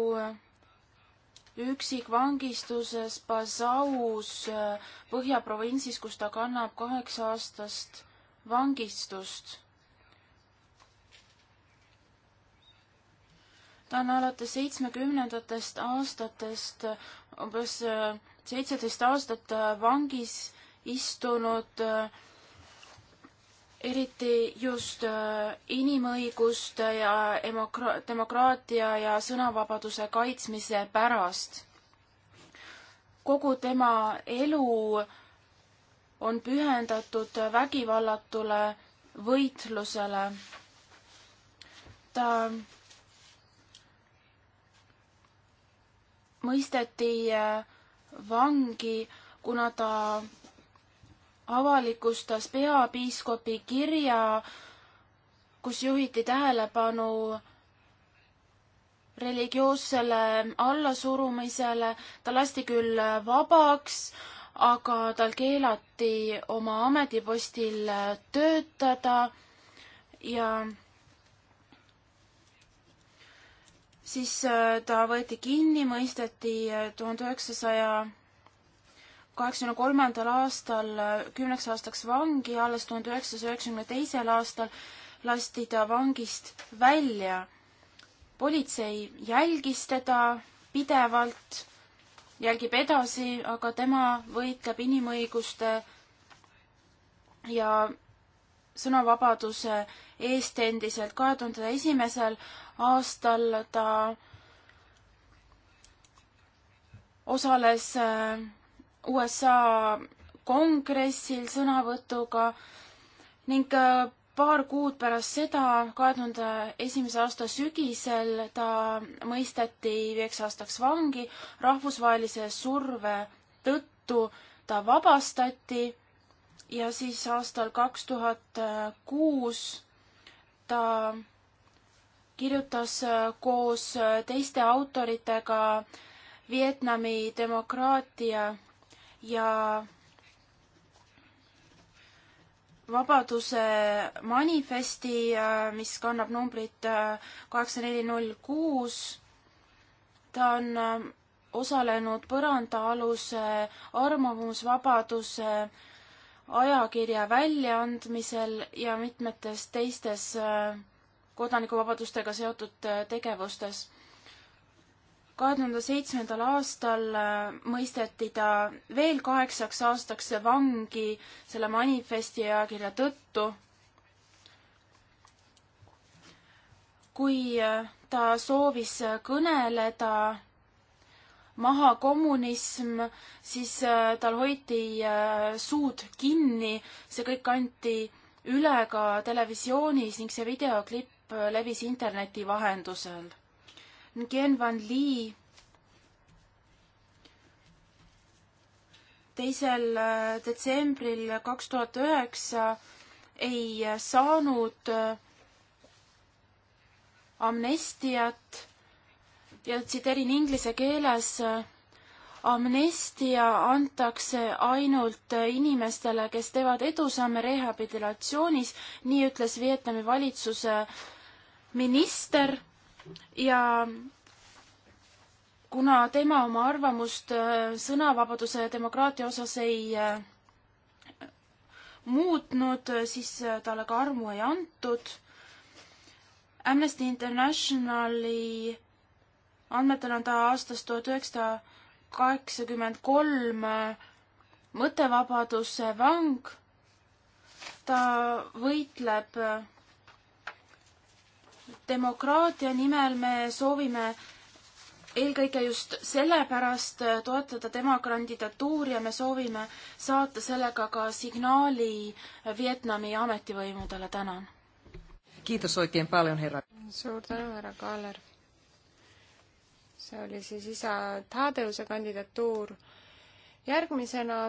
üksikvangistuses Basaus Põhja-provintsis, kus ta kannab kaheksa aastast vangistust. ta on alates seitsmekümnendatest aastatest umbes seitseteist aastat vangis istunud äh, eriti just äh, inimõiguste ja demokra-, demokraatia ja sõnavabaduse kaitsmise pärast. kogu tema elu on pühendatud vägivallatule võitlusele. ta mõisteti äh, vangi, kuna ta avalikustas peapiiskopi kirja, kus juhiti tähelepanu religioossele allasurumisele, ta lasti küll vabaks, aga tal keelati oma ametipostil töötada ja siis äh, ta võeti kinni, mõisteti tuhande äh, üheksasaja kaheksakümne kolmandal aastal kümneks aastaks vangi, alles tuhande üheksasaja üheksakümne teisel aastal lasti ta vangist välja. politsei jälgis teda pidevalt, jälgib edasi, aga tema võitleb inimõiguste ja sõnavabaduse eest endiselt. kahe tuhande esimesel aastal ta osales äh, USA kongressil sõnavõtuga ning äh, paar kuud pärast seda, kahe tuhande esimese aasta sügisel ta mõisteti viieks aastaks vangi. rahvusvahelise surve tõttu ta vabastati ja siis aastal kaks tuhat kuus ta kirjutas äh, koos äh, teiste autoritega Vietnami demokraatia ja Vabaduse manifesti, äh, mis kannab numbrit äh, kaheksa neli null kuus. ta on äh, osalenud põrandaaluse arvamusvabaduse ajakirja väljaandmisel ja mitmetes teistes kodanikuvabadustega seotud tegevustes kahe tuhande seitsmendal aastal äh, mõisteti ta veel kaheksaks aastaks vangi selle manifesti ajakirja tõttu. kui äh, ta soovis äh, kõneleda maha kommunism, siis tal hoiti suud kinni, see kõik anti üle ka televisioonis ning see videoklipp levis interneti vahendusel Nguyen Van Lee teisel äh, detsembril kaks tuhat üheksa ei saanud äh, amnestiat ja tsiteerin inglise keeles. Äh, amnestia antakse ainult inimestele, kes teevad edusamme rehabilitatsioonis, nii ütles Vietnami valitsuse minister ja kuna tema oma arvamust äh, sõnavabaduse ja demokraatia osas ei äh, muutnud, äh, siis talle ka armu ei antud. Amnesty Internationali andmetel on ta aastast tuhat üheksasada kaheksakümmend kolm mõttevabaduse vang. ta võitleb demokraatia nimel me soovime eelkõige just sellepärast toetada tema kandidatuuri ja me soovime saata sellega ka signaali Vietnami ametivõimudele, tänan. kiitos oikein paljon, härra. suur tänu, härra Kaaler. see oli siis isa Tadeuse kandidatuur. järgmisena,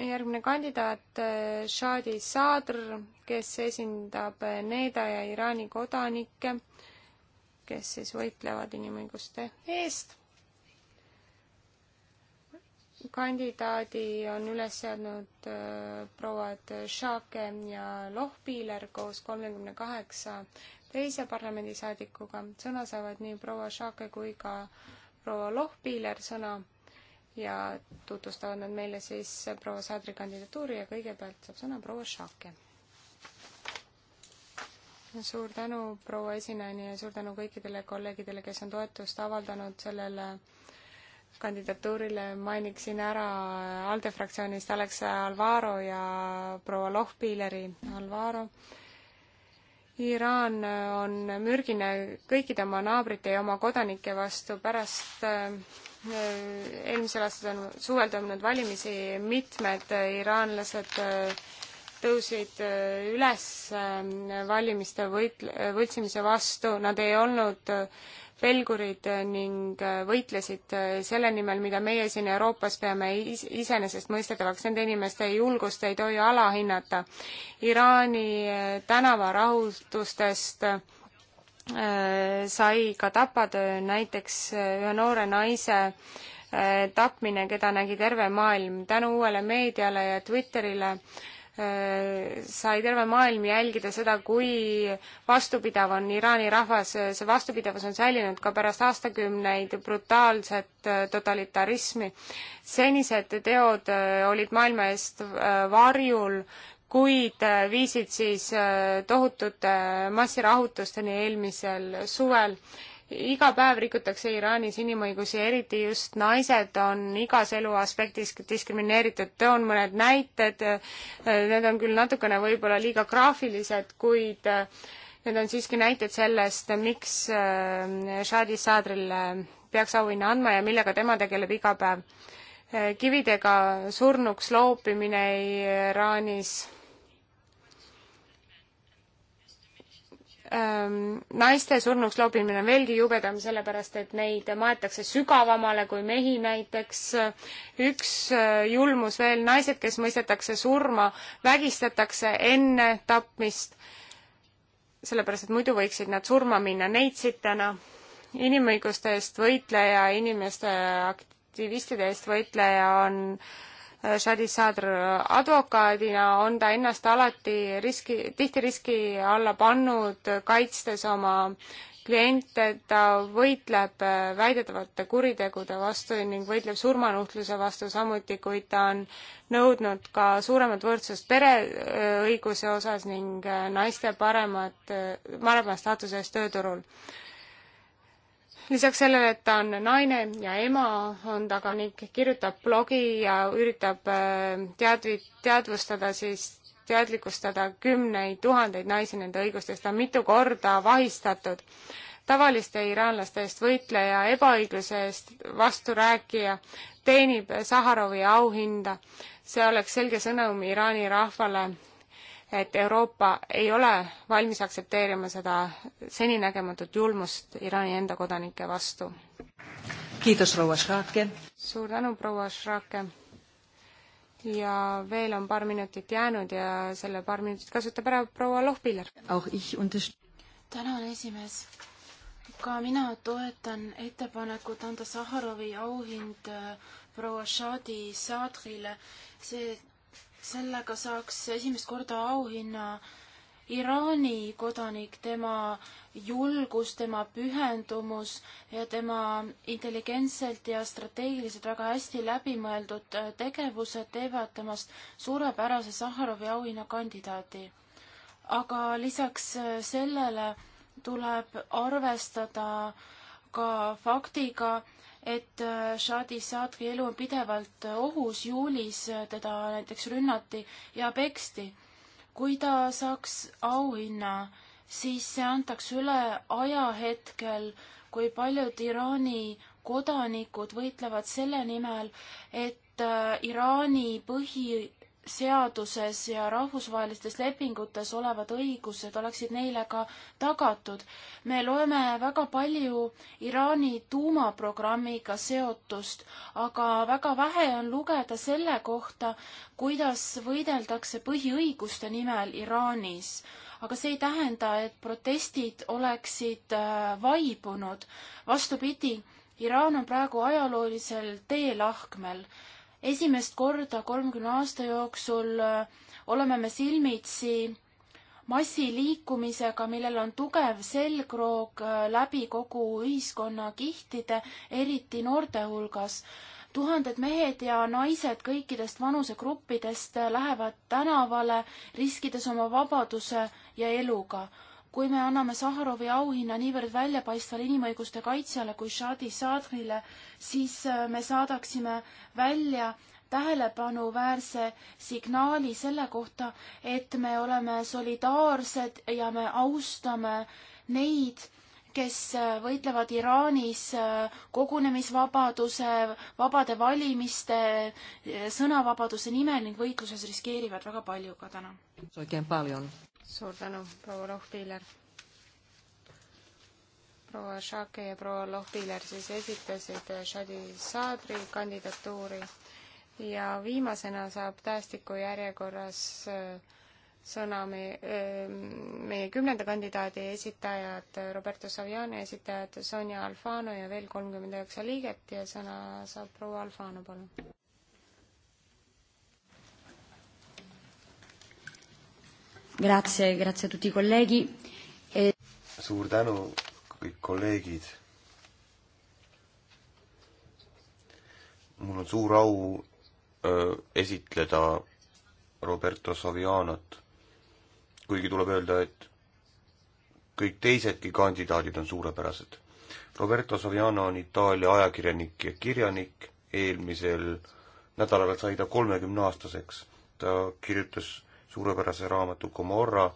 järgmine kandidaat, eh, Shadi Sadr kes esindab Needa ja Iraani kodanikke, kes siis võitlevad inimõiguste eest. kandidaadi on üles seadnud äh, prouad Šake ja Lohpiiler koos kolmekümne kaheksa teise parlamendisaadikuga. sõna saavad nii proua Šake kui ka proua Lohpiiler sõna ja tutvustavad nad meile siis proua Saadri kandidatuuri ja kõigepealt saab sõna proua Šake suur tänu, proua esinejani ja suur tänu kõikidele kolleegidele, kes on toetust avaldanud sellele kandidatuurile. mainiksin ära ALDE fraktsioonist Alexa Alvaro ja proua Lohpilleri Alvaro. Iraan on mürgine kõikide oma naabrite ja oma kodanike vastu pärast äh, eelmisel aastal on suvel toimunud valimisi, mitmed iraanlased äh, tõusid äh, üles äh, valimiste võit-, äh, võltsimise vastu, nad ei olnud pelgurid ning võitlesid selle nimel, mida meie siin Euroopas peame is-, iseenesestmõistetavaks, nende inimeste julgust ei tohi alahinnata. Iraani tänavarahutustest sai ka tapatöö näiteks ühe noore naise tapmine, keda nägi terve maailm. tänu uuele meediale ja Twitterile äh, sai terve maailm jälgida seda, kui vastupidav on Iraani rahvas, see vastupidavus on säilinud ka pärast aastakümneid brutaalset äh, totalitarismi. senised teod äh, olid maailma eest äh, varjul, kuid viisid siis tohutute massirahutusteni eelmisel suvel iga päev rikutakse Iraanis inimõigusi, eriti just naised on igas eluaspektis diskrimineeritud. toon mõned näited, need on küll natukene võib-olla liiga graafilised, kuid need on siiski näited sellest, miks äh, Shadi Sadrile äh, peaks auhinna andma ja millega tema tegeleb iga päev. Äh, kividega surnuks loopimine Iraanis naiste surnuks loobimine on veelgi jubedam, sellepärast et neid maetakse sügavamale kui mehi näiteks. üks julmus veel, naised, kes mõistetakse surma, vägistatakse enne tapmist, sellepärast et muidu võiksid nad surma minna neitsitena. inimõiguste eest võitleja, inimeste aktivistide eest võitleja on äh, Shadi Sadr advokaadina on ta ennast alati riski, tihti riski alla pannud, kaitstes oma kliente, ta võitleb äh, väidetavate kuritegude vastu ning võitleb surmanuhtluse vastu samuti, kuid ta on nõudnud ka suuremat võrdsust pereõiguse osas ning äh, naiste paremat, äh, parema staatuse eest tööturul lisaks sellele, et ta on naine ja ema, on ta ka ning kirjutab blogi ja üritab äh, teadvi-, teadvustada siis, teadlikustada kümneid tuhandeid naisi nende õigustest, ta on mitu korda vahistatud. tavaliste iraanlaste eest võitleja, ebaõigluse eest vasturääkija teenib Saharovi auhinda. see oleks selge sõnum Iraani rahvale et Euroopa ei ole valmis aktsepteerima seda seninägematut julmust Iraani enda kodanike vastu. suur tänu, proua Šrake! ja veel on paar minutit jäänud ja selle paar minutit kasutab ära proua Lohpiller. tänan, esimees! ka mina toetan ettepanekut anda Saharovi auhind äh, proua Shadi Sadrile. see sellega saaks esimest korda auhinna Iraani kodanik, tema julgus, tema pühendumus ja tema intelligentselt ja strateegiliselt väga hästi läbimõeldud tegevused teevad temast suurepärase Sahharovi auhinna kandidaadi. aga lisaks sellele tuleb arvestada ka faktiga, et äh, Shadi Saadri elu on pidevalt äh, ohus, juulis äh, teda näiteks rünnati ja peksti. kui ta saaks auhinna, siis see antaks üle ajahetkel, kui paljud Iraani kodanikud võitlevad selle nimel, et Iraani põhi seaduses ja rahvusvahelistes lepingutes olevad õigused oleksid neile ka tagatud. me loeme väga palju Iraani tuumaprogrammiga seotust, aga väga vähe on lugeda selle kohta, kuidas võideldakse põhiõiguste nimel Iraanis. aga see ei tähenda, et protestid oleksid äh, vaibunud. vastupidi, Iraan on praegu ajaloolisel teelahkmel esimest korda kolmekümne aasta jooksul äh, oleme me silmitsi massiliikumisega, millel on tugev selgroog äh, läbi kogu ühiskonna kihtide, eriti noorte hulgas. tuhanded mehed ja naised kõikidest vanusegruppidest äh, lähevad tänavale, riskides oma vabaduse ja eluga kui me anname Saharovi auhinna niivõrd väljapaistvale inimõiguste kaitsjale kui Shadi Sadrile, siis äh, me saadaksime välja tähelepanuväärse signaali selle kohta, et me oleme solidaarsed ja me austame neid, kes äh, võitlevad Iraanis äh, kogunemisvabaduse, vabade valimiste, sõnavabaduse nimel ning võitluses riskeerivad väga palju ka täna suur tänu, proua Lohpiiler. proua Šake ja proua Lohpiiler siis esitasid Shadi Saadri kandidatuuri ja viimasena saab tähestiku järjekorras äh, sõna meie, äh, meie kümnenda kandidaadi esitajad, Roberto Saviani esitajad Sonja Alfano ja veel kolmkümmend üheksa liiget ja sõna saab proua Alfano, palun. grazie, grazie tutti kolleegi e.... suur tänu, kõik kolleegid. mul on suur au öö, esitleda Roberto Savianat, kuigi tuleb öelda, et kõik teisedki kandidaadid on suurepärased. Roberto Saviano on Itaalia ajakirjanik ja kirjanik, eelmisel nädalal sai ta kolmekümneaastaseks. ta kirjutas suurepärase raamatu Gomorra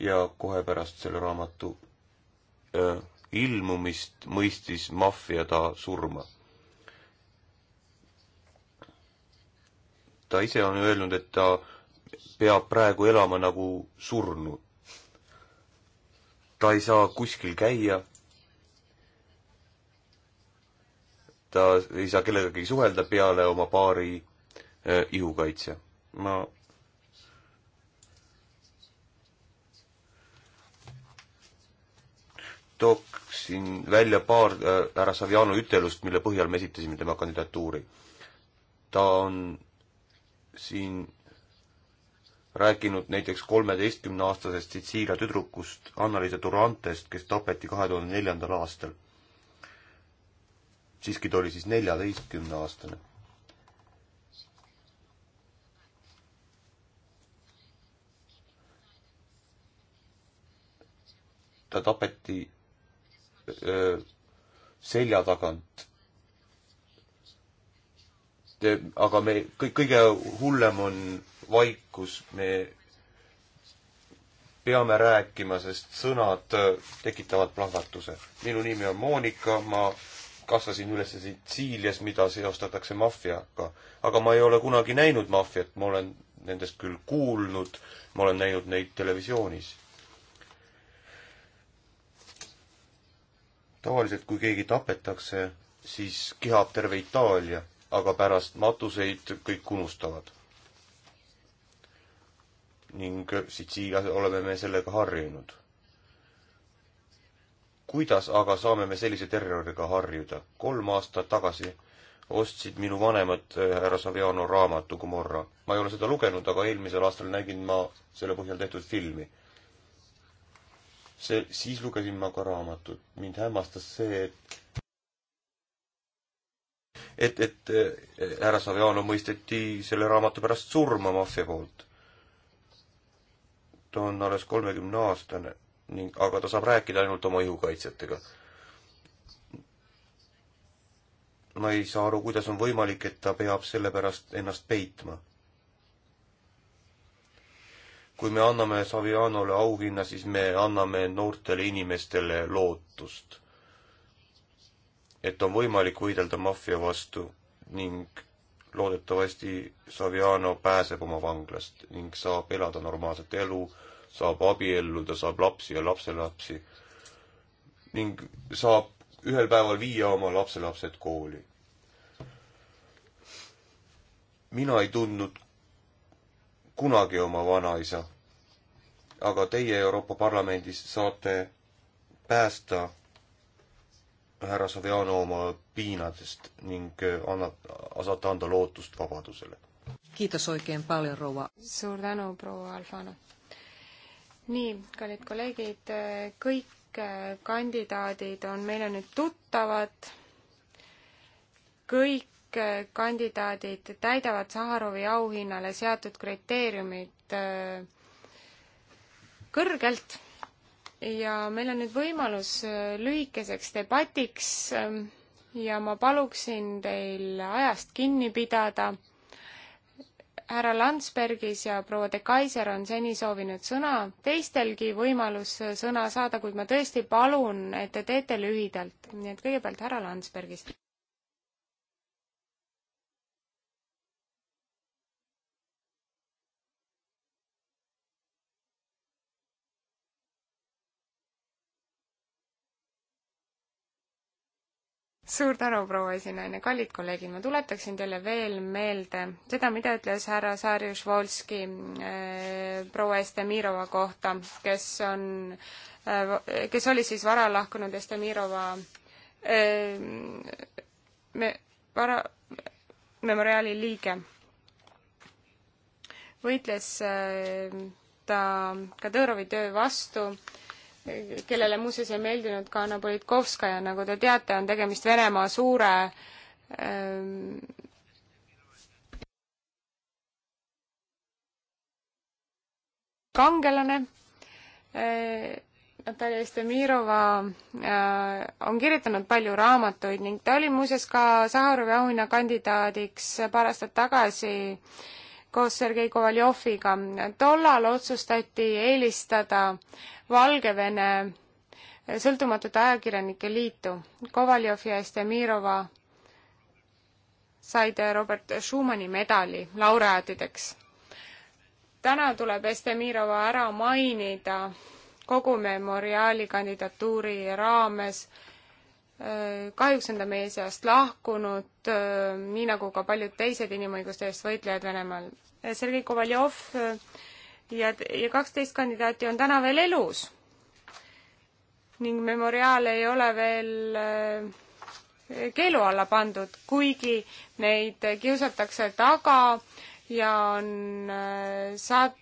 ja kohe pärast selle raamatu öö, ilmumist mõistis maffia ta surma. ta ise on öelnud, et ta peab praegu elama nagu surnu. ta ei saa kuskil käia. ta ei saa kellegagi suhelda peale oma paari öö, ihukaitse. ma tooksin välja paar äh, härra Saviano ütelust, mille põhjal me esitasime tema kandidatuuri. ta on siin rääkinud näiteks kolmeteistkümneaastasest Sitsiilia tüdrukust Annalise Durantest, kes tapeti kahe tuhande neljandal aastal. siiski ta oli siis neljateistkümneaastane. ta tapeti selja tagant. aga me, kõik, kõige hullem on vaikus, me peame rääkima, sest sõnad tekitavad plahvatuse. minu nimi on Monika, ma kasvasin üles Sitsiilias, mida seostatakse maffiaga. aga ma ei ole kunagi näinud maffiat, ma olen nendest küll kuulnud, ma olen näinud neid televisioonis tavaliselt, kui keegi tapetakse, siis kihab terve Itaalia, aga pärast matuseid kõik unustavad. ning siit siia oleme me sellega harjunud. kuidas aga saame me sellise terroriga harjuda? kolm aastat tagasi ostsid minu vanemad äh, härra Saviano raamatu Gomorra. ma ei ole seda lugenud, aga eelmisel aastal nägin ma selle põhjal tehtud filmi see, siis lugesin ma ka raamatut. mind hämmastas see, et et, et eh, härra Saviano mõisteti selle raamatu pärast surma maffia poolt. ta on alles kolmekümne aastane ning, aga ta saab rääkida ainult oma ihukaitsjatega. ma ei saa aru, kuidas on võimalik, et ta peab selle pärast ennast peitma kui me anname Savianole auhinna, siis me anname noortele inimestele lootust, et on võimalik võidelda maffia vastu ning loodetavasti Saviano pääseb oma vanglast ning saab elada normaalset elu, saab abielluda, saab lapsi ja lapselapsi ning saab ühel päeval viia oma lapselapsed kooli. mina ei tundnud kunagi oma vanaisa. aga teie Euroopa Parlamendis saate päästa härra Saviano oma piinadest ning eh, annab, saate anda lootust vabadusele. kiitos oikein paljon, proua. suur tänu, proua Alfano. nii, kallid kolleegid, eh, kõik eh, kandidaadid on meile nüüd tuttavad. kõik kõik äh, kandidaadid täidavad Saharovi auhinnale seatud kriteeriumid äh, kõrgelt ja meil on nüüd võimalus äh, lühikeseks debatiks ähm, ja ma paluksin teil ajast kinni pidada. härra Landsbergis ja proua de Kaiser on seni soovinud sõna, teistelgi võimalus sõna saada, kuid ma tõesti palun, et te teete lühidalt, nii et kõigepealt härra Landsbergis suur tänu, proua esinaine, kallid kolleegid, ma tuletaksin teile veel meelde seda, mida ütles härra Sarjuš Volski äh, proua Estemirova kohta, kes on äh,, kes oli siis vara lahkunud Estemirova äh, me, vara, memoriaali liige. võitles äh, ta Kadõrovi töö vastu kellele muuseas ei meeldinud ka Anna Politkovskaja, nagu te teate, on tegemist Venemaa suure ähm, kangelane äh,. Natalja Istemirova äh, on kirjutanud palju raamatuid ning ta oli muuseas ka Saharovi auhinna kandidaadiks paar aastat tagasi äh, koos Sergei Kovaljoviga. tollal otsustati eelistada Valgevene sõltumatute ajakirjanike liitu. Kovaljov ja Estemirova said Robert Schumani medali laureaatideks. täna tuleb Estemirova ära mainida kogu memoriaali kandidatuuri raames äh, kahjuks on ta meie seast lahkunud, äh, nii nagu ka paljud teised inimõiguste eest võitlejad Venemaal. Sergei Kovaljov äh, ja, ja kaksteist kandidaati on täna veel elus ning memoriaal ei ole veel äh, keelu alla pandud, kuigi neid kiusatakse taga ja on saat-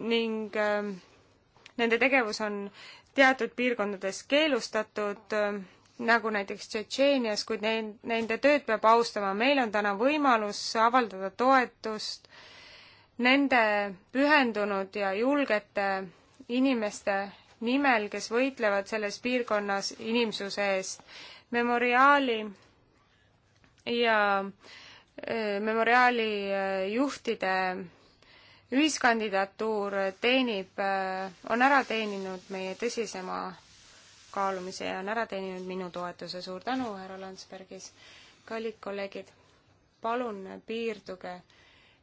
ning nende tegevus on teatud piirkondades keelustatud, äh, nagu näiteks Tšetšeenias, kuid neid, nende tööd peab austama. meil on täna võimalus avaldada toetust nende pühendunud ja julgete inimeste nimel, kes võitlevad selles piirkonnas inimsuse eest. memoriaali ja äh, memoriaali äh, juhtide ühiskandidatuur teenib, on ära teeninud meie tõsisema kaalumise ja on ära teeninud minu toetuse. suur tänu, härra Landsbergis. kallid kolleegid, palun piirduge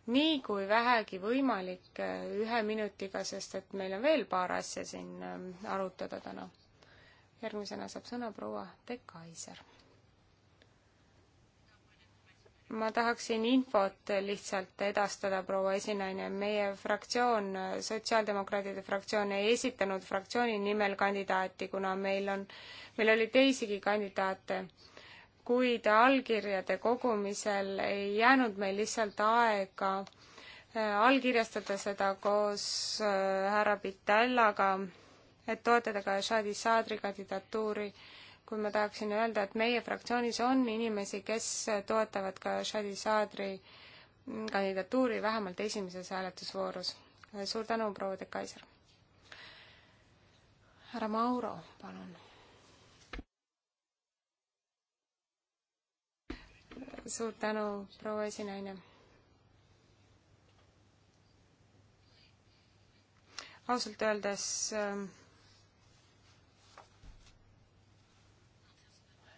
nii kui vähegi võimalik ühe minutiga, sest et meil on veel paar asja siin ähm, arutada täna. järgmisena saab sõna proua De Kaiser ma tahaksin infot lihtsalt edastada, proua esinaine. meie fraktsioon, Sotsiaaldemokraatide fraktsioon ei esitanud fraktsiooni nimel kandidaati, kuna meil on, meil oli teisigi kandidaate, kuid allkirjade kogumisel ei jäänud meil lihtsalt aega äh, allkirjastada seda koos äh, härra Pitellaga, et toetada ka Shadi Saadri kandidatuuri äh, kui ma tahaksin öelda, et meie fraktsioonis on inimesi, kes toetavad ka Shadi Saadri kandidatuuri vähemalt esimeses hääletusvoorus. suur tänu, proua de Kaiser. härra Mauro, palun. suur tänu, proua esinaine. ausalt öeldes äh,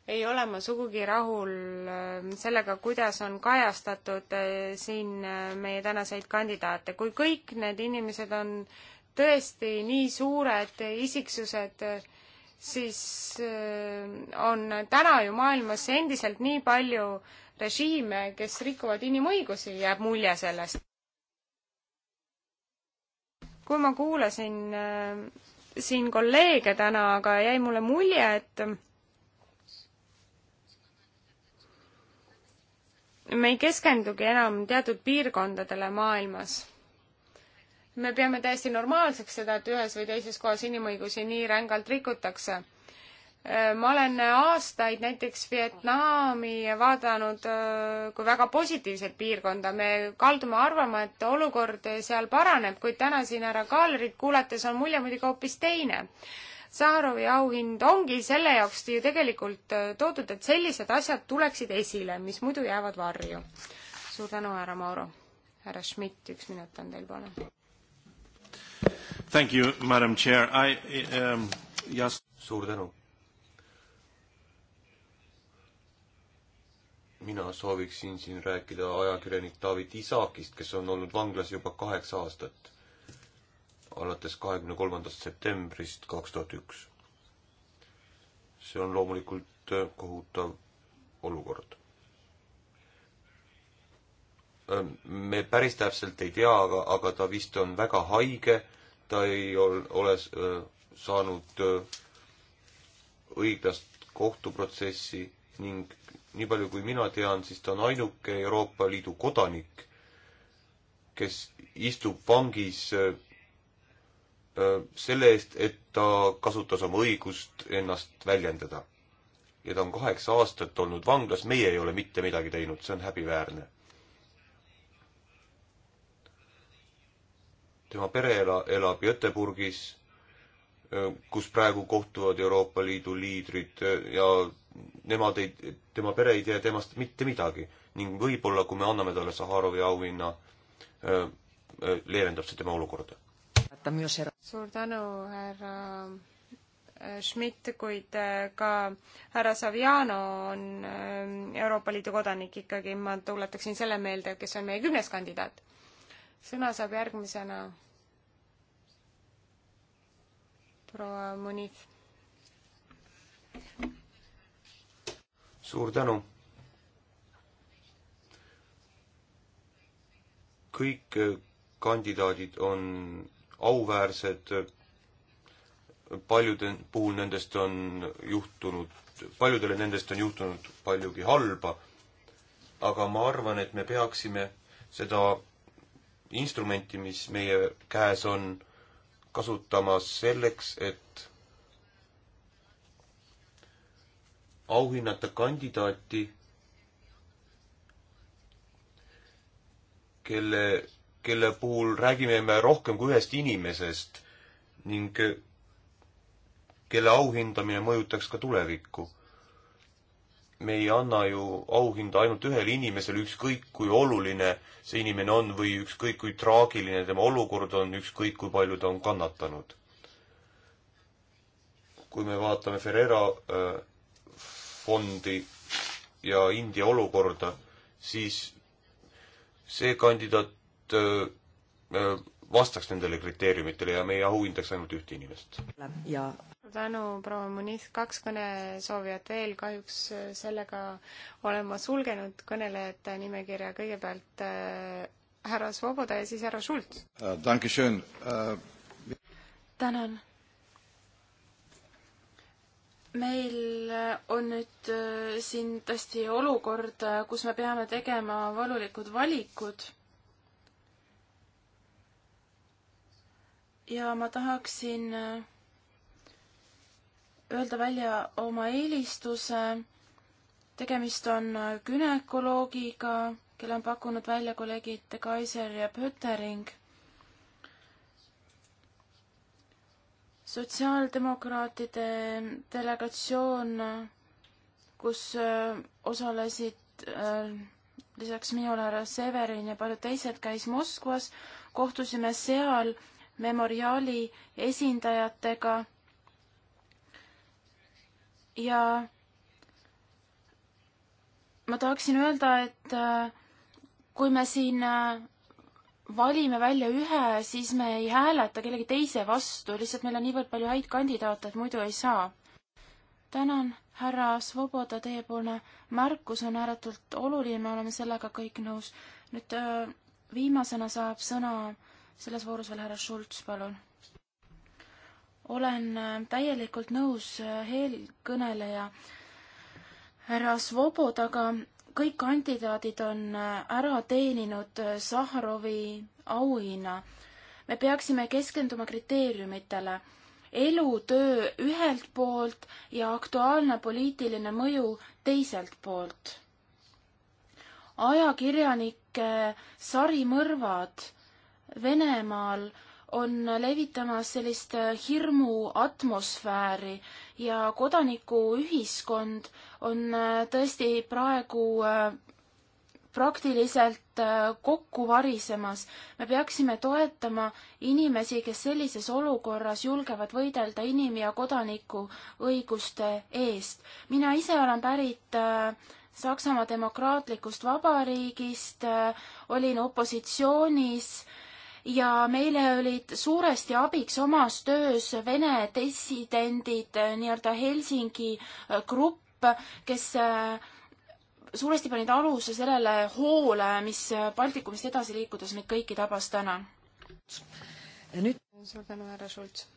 ei ole ma sugugi rahul ähm, sellega, kuidas on kajastatud äh, siin äh, meie tänaseid kandidaate. kui kõik need inimesed on tõesti nii suured isiksused, äh, siis on täna ju maailmas endiselt nii palju režiime, kes rikuvad inimõigusi, jääb mulje sellest. kui ma kuulasin siin kolleege täna, aga jäi mulle mulje, et me ei keskendugi enam teatud piirkondadele maailmas. me peame täiesti normaalseks seda, et ühes või teises kohas inimõigusi nii rängalt rikutakse. Äh, ma olen aastaid näiteks Vietnami vaadanud äh, kui väga positiivset piirkonda, me kaldume arvama, et olukord seal paraneb, kuid täna siin härra Kaalerit kuulates on mulje muidugi hoopis teine Saarovi auhind ongi selle jaoks ju tegelikult äh, toodud, et sellised asjad tuleksid esile, mis muidu jäävad varju. suur tänu, härra Mauro. härra Schmidt, üks minut on teil, palun. Thank you, madam chair, I um, just suur tänu. mina sooviksin siin rääkida ajakirjanik David Isakist, kes on olnud vanglas juba kaheksa aastat alates kahekümne kolmandast septembrist kaks tuhat üks. see on loomulikult äh, kohutav olukord. Äh, me päris täpselt ei tea, aga, aga ta vist on väga haige, ta ei ol, ole äh, saanud õiglast kohtuprotsessi ning nii palju kui mina tean, siis ta on ainuke Euroopa Liidu kodanik, kes istub vangis selle eest, et ta kasutas oma õigust ennast väljendada. ja ta on kaheksa aastat olnud vanglas, meie ei ole mitte midagi teinud, see on häbiväärne. tema pere ela, elab Göteborgis, kus praegu kohtuvad Euroopa Liidu liidrid ja nemad ei, tema pere ei tea temast mitte midagi ning võib-olla, kui me anname talle Saharovi auhinna, leevendab see tema olukorda võtta myös era-. suur tänu, härra äh, Schmidt, kuid äh, ka härra Saviano on äh, Euroopa Liidu kodanik ikkagi, ma tuletaksin selle meelde, kes on meie kümnes kandidaat. sõna saab järgmisena proua Munif. suur tänu. kõik kandidaadid on auväärsed, paljude puhul nendest on juhtunud, paljudele nendest on juhtunud paljugi halba, aga ma arvan, et me peaksime seda instrumenti, mis meie käes on, kasutama selleks, et auhinnata kandidaati, kelle kelle puhul räägime me rohkem kui ühest inimesest ning kelle auhindamine mõjutaks ka tulevikku. me ei anna ju auhinda ainult ühele inimesele, ükskõik kui oluline see inimene on või ükskõik kui traagiline tema olukord on, ükskõik kui palju ta on kannatanud. kui me vaatame Ferrera äh, fondi ja India olukorda, siis see kandidaat Äh, äh, vastaks nendele kriteeriumitele ja meie au hindaks ainult ühte inimest. ja tänu, proua Muniz, kaks kõnesoovijat veel, kahjuks äh, sellega olen ma sulgenud kõnelejate nimekirja, kõigepealt härra Svoboda ja siis härra Schultz uh,. tänan. meil on nüüd siin tõesti olukord, kus me peame tegema valulikud valikud ja ma tahaksin äh, öelda välja oma eelistuse. tegemist on äh, günekoloogiga, kelle on pakkunud välja kolleegid De Kaiser ja Pöttering. sotsiaaldemokraatide delegatsioon, kus äh, osalesid lisaks minule härra Severin ja paljud teised, käis Moskvas, kohtusime seal Memoriali esindajatega ja ma tahaksin öelda, et äh, kui me siin äh, valime välja ühe, siis me ei hääleta kellegi teise vastu, lihtsalt meil on niivõrd palju häid kandidaate, et muidu ei saa. tänan, härra Svoboda, teiepoolne märkus on ääretult oluline, me oleme sellega kõik nõus. nüüd äh, viimasena saab sõna selles voorus veel härra Schultz, palun. olen äh, täielikult nõus äh, eelkõneleja härra Svobodaga, kõik kandidaadid on äh, ära teeninud Sahharovi auhinna. me peaksime keskenduma kriteeriumitele elutöö ühelt poolt ja aktuaalne poliitiline mõju teiselt poolt. ajakirjanike sarimõrvad Venemaal on levitamas sellist äh, hirmuatmosfääri ja kodanikuühiskond on äh, tõesti praegu äh, praktiliselt kokku varisemas. me peaksime toetama inimesi, kes sellises olukorras julgevad võidelda inim- ja kodanikuõiguste eest. mina ise olen pärit Saksamaa Demokraatlikust Vabariigist, olin opositsioonis äh, ja meile olid suuresti abiks omas töös Vene dissidendid, äh, nii-öelda Helsingi äh, grupp, kes äh, suuresti panid aluse sellele hoole, mis Baltikumist edasi liikudes meid kõiki tabas täna. nüüd suur tänu, härra Schultz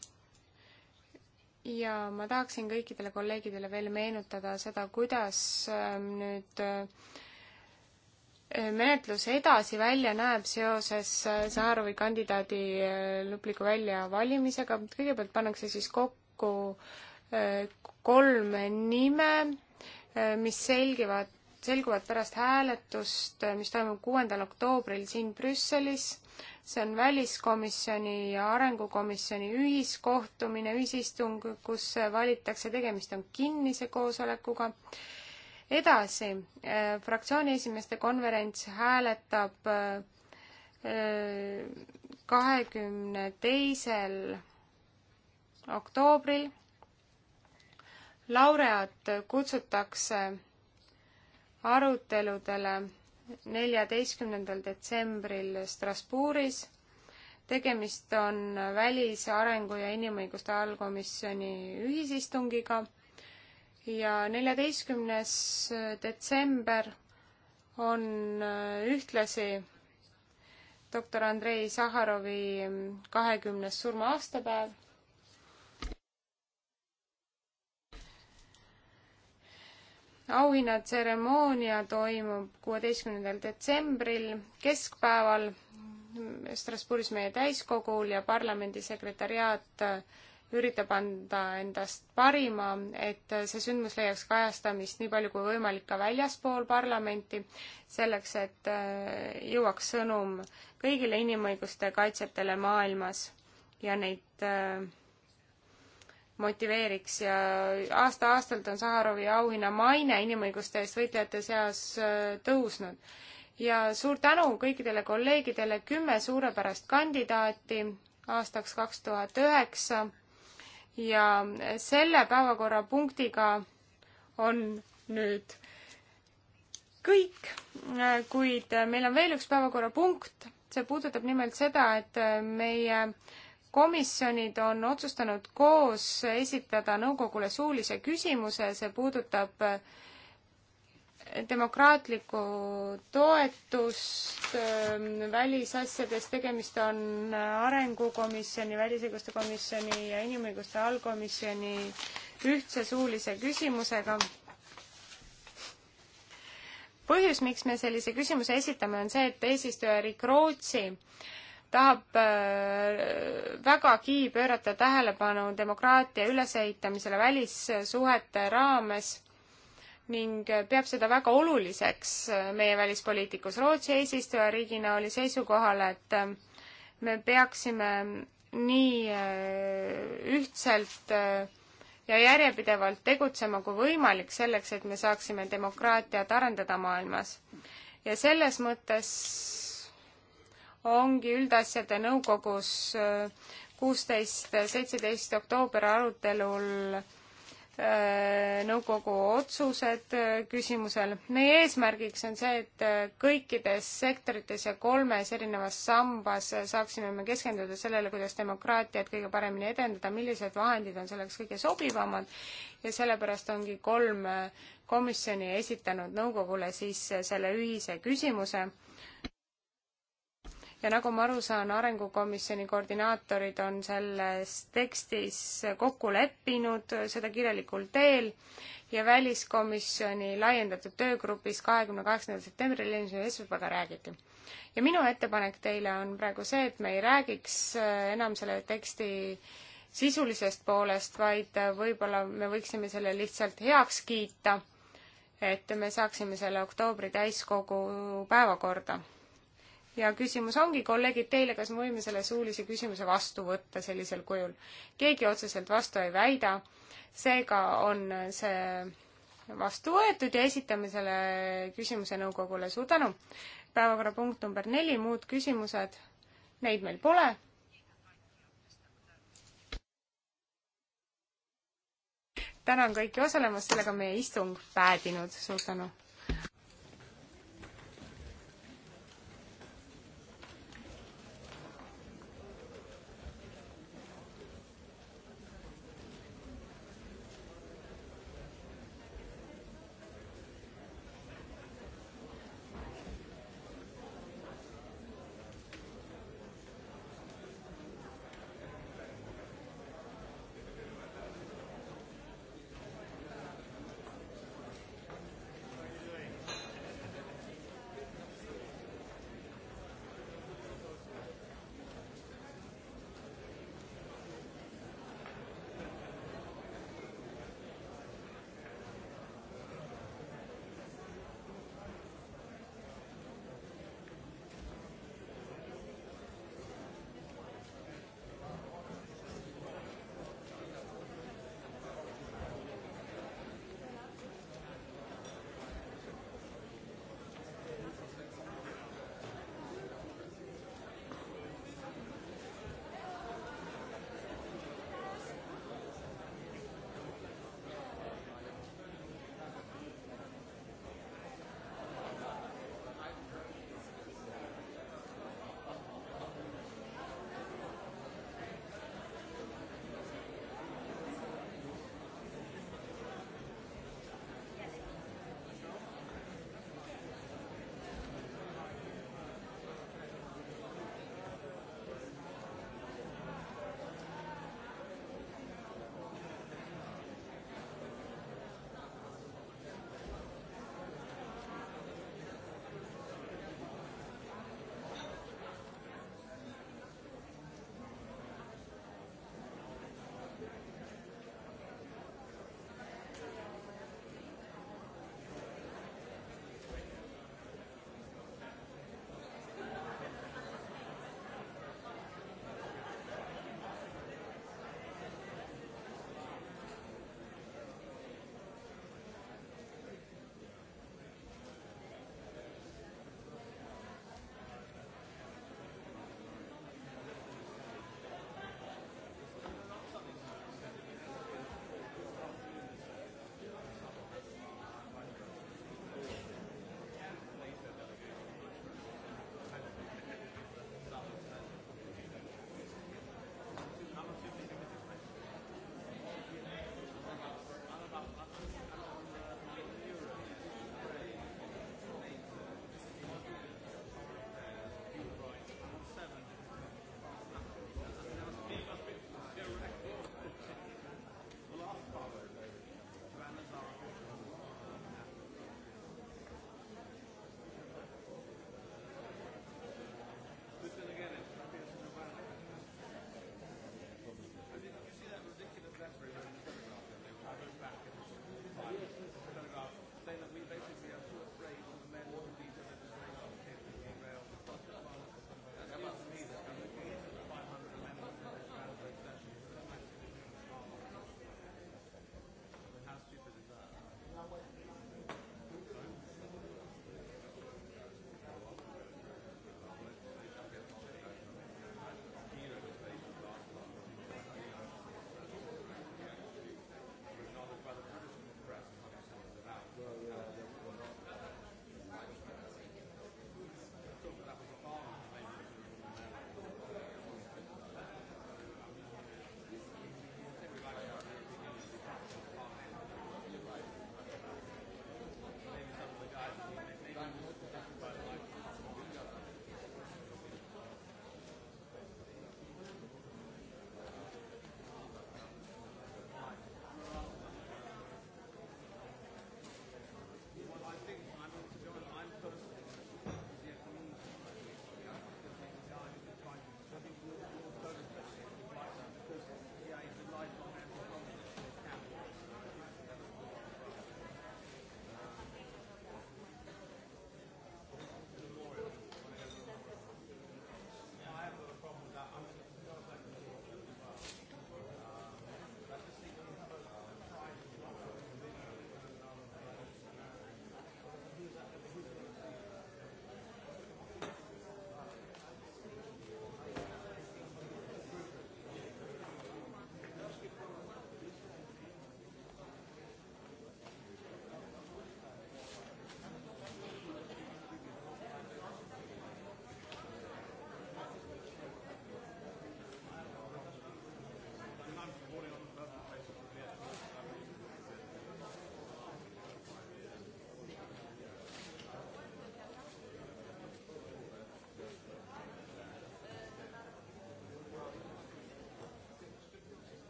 ja ma tahaksin kõikidele kolleegidele veel meenutada seda, kuidas nüüd äh, menetlus edasi välja näeb seoses äh, Saharovi kandidaadi äh, lõpliku väljavalimisega, kõigepealt pannakse siis kokku äh, kolm nime, mis selgivad, selguvad pärast hääletust, mis toimub kuuendal oktoobril siin Brüsselis. see on Väliskomisjoni ja Arengukomisjoni ühiskohtumine, ühisistung, kus valitakse, tegemist on kinnise koosolekuga edasi, äh, fraktsiooni esimeeste konverents hääletab äh, kahekümne teisel oktoobril. laureaat kutsutakse aruteludele neljateistkümnendal detsembril Strasbourgis. tegemist on Välis-, Arengu- ja Inimõiguste Allkomisjoni ühisistungiga ja neljateistkümnes detsember on äh, ühtlasi doktor Andrei Saharovi kahekümnes surma-aastapäev. auhinnatseremoonia toimub kuueteistkümnendal detsembril keskpäeval Strasbourgis meie täiskogul ja parlamendi sekretäriaat äh, üritab anda endast parima, et see sündmus leiaks kajastamist nii palju kui võimalik ka väljaspool parlamenti, selleks et äh, jõuaks sõnum kõigile inimõiguste kaitsjatele maailmas ja neid äh, motiveeriks ja aasta-aastalt on Saharovi auhinna maine inimõiguste eest võitlejate seas äh, tõusnud. ja suur tänu kõikidele kolleegidele, kümme suurepärast kandidaati aastaks kaks tuhat üheksa ja selle päevakorrapunktiga on nüüd kõik, kuid meil on veel üks päevakorrapunkt, see puudutab nimelt seda, et meie komisjonid on otsustanud koos esitada nõukogule suulise küsimuse, see puudutab äh, demokraatlikku toetust ähm, välisasjades, tegemist on Arengukomisjoni, Välisõiguste Komisjoni ja Inimõiguste Allkomisjoni ühtse suulise küsimusega. põhjus, miks me sellise küsimuse esitame, on see, et eesistujariik Rootsi tahab äh, vägagi pöörata tähelepanu demokraatia ülesehitamisele välissuhete raames ning peab seda väga oluliseks äh, meie välispoliitikus. Rootsi eesistujariigina oli seisukohal, et äh, me peaksime äh, nii ühtselt ja järjepidevalt tegutsema kui võimalik selleks, et me saaksime demokraatiat arendada maailmas. ja selles mõttes ongi üldasjade nõukogus kuusteist, seitseteist oktoober arutelul nõukogu otsused äh, küsimusel. meie eesmärgiks on see, et äh, kõikides sektorites ja kolmes erinevas sambas äh, saaksime me keskenduda sellele, kuidas demokraatiat kõige paremini edendada, millised vahendid on selleks kõige sobivamad ja sellepärast ongi kolm komisjoni esitanud nõukogule siis selle ühise küsimuse ja nagu ma aru saan, Arengukomisjoni koordinaatorid on selles tekstis kokku leppinud, seda kirjalikul teel, ja Väliskomisjoni laiendatud töögrupis kahekümne kaheksandal septembril eelmisel esmaspäeval räägiti. ja minu ettepanek teile on praegu see, et me ei räägiks äh, enam selle teksti sisulisest poolest, vaid äh, võib-olla me võiksime selle lihtsalt heaks kiita, et me saaksime selle oktoobri täiskogu päevakorda ja küsimus ongi, kolleegid, teile, kas me võime selle suulise küsimuse vastu võtta sellisel kujul? keegi otseselt vastu ei väida, seega on see vastu võetud ja esitame selle küsimuse nõukogule, suur tänu! päevakorrapunkt number neli, muud küsimused, neid meil pole tänan kõiki osalemast, sellega meie istung päädinud, suur tänu!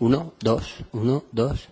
Uno, dos, uno, dos.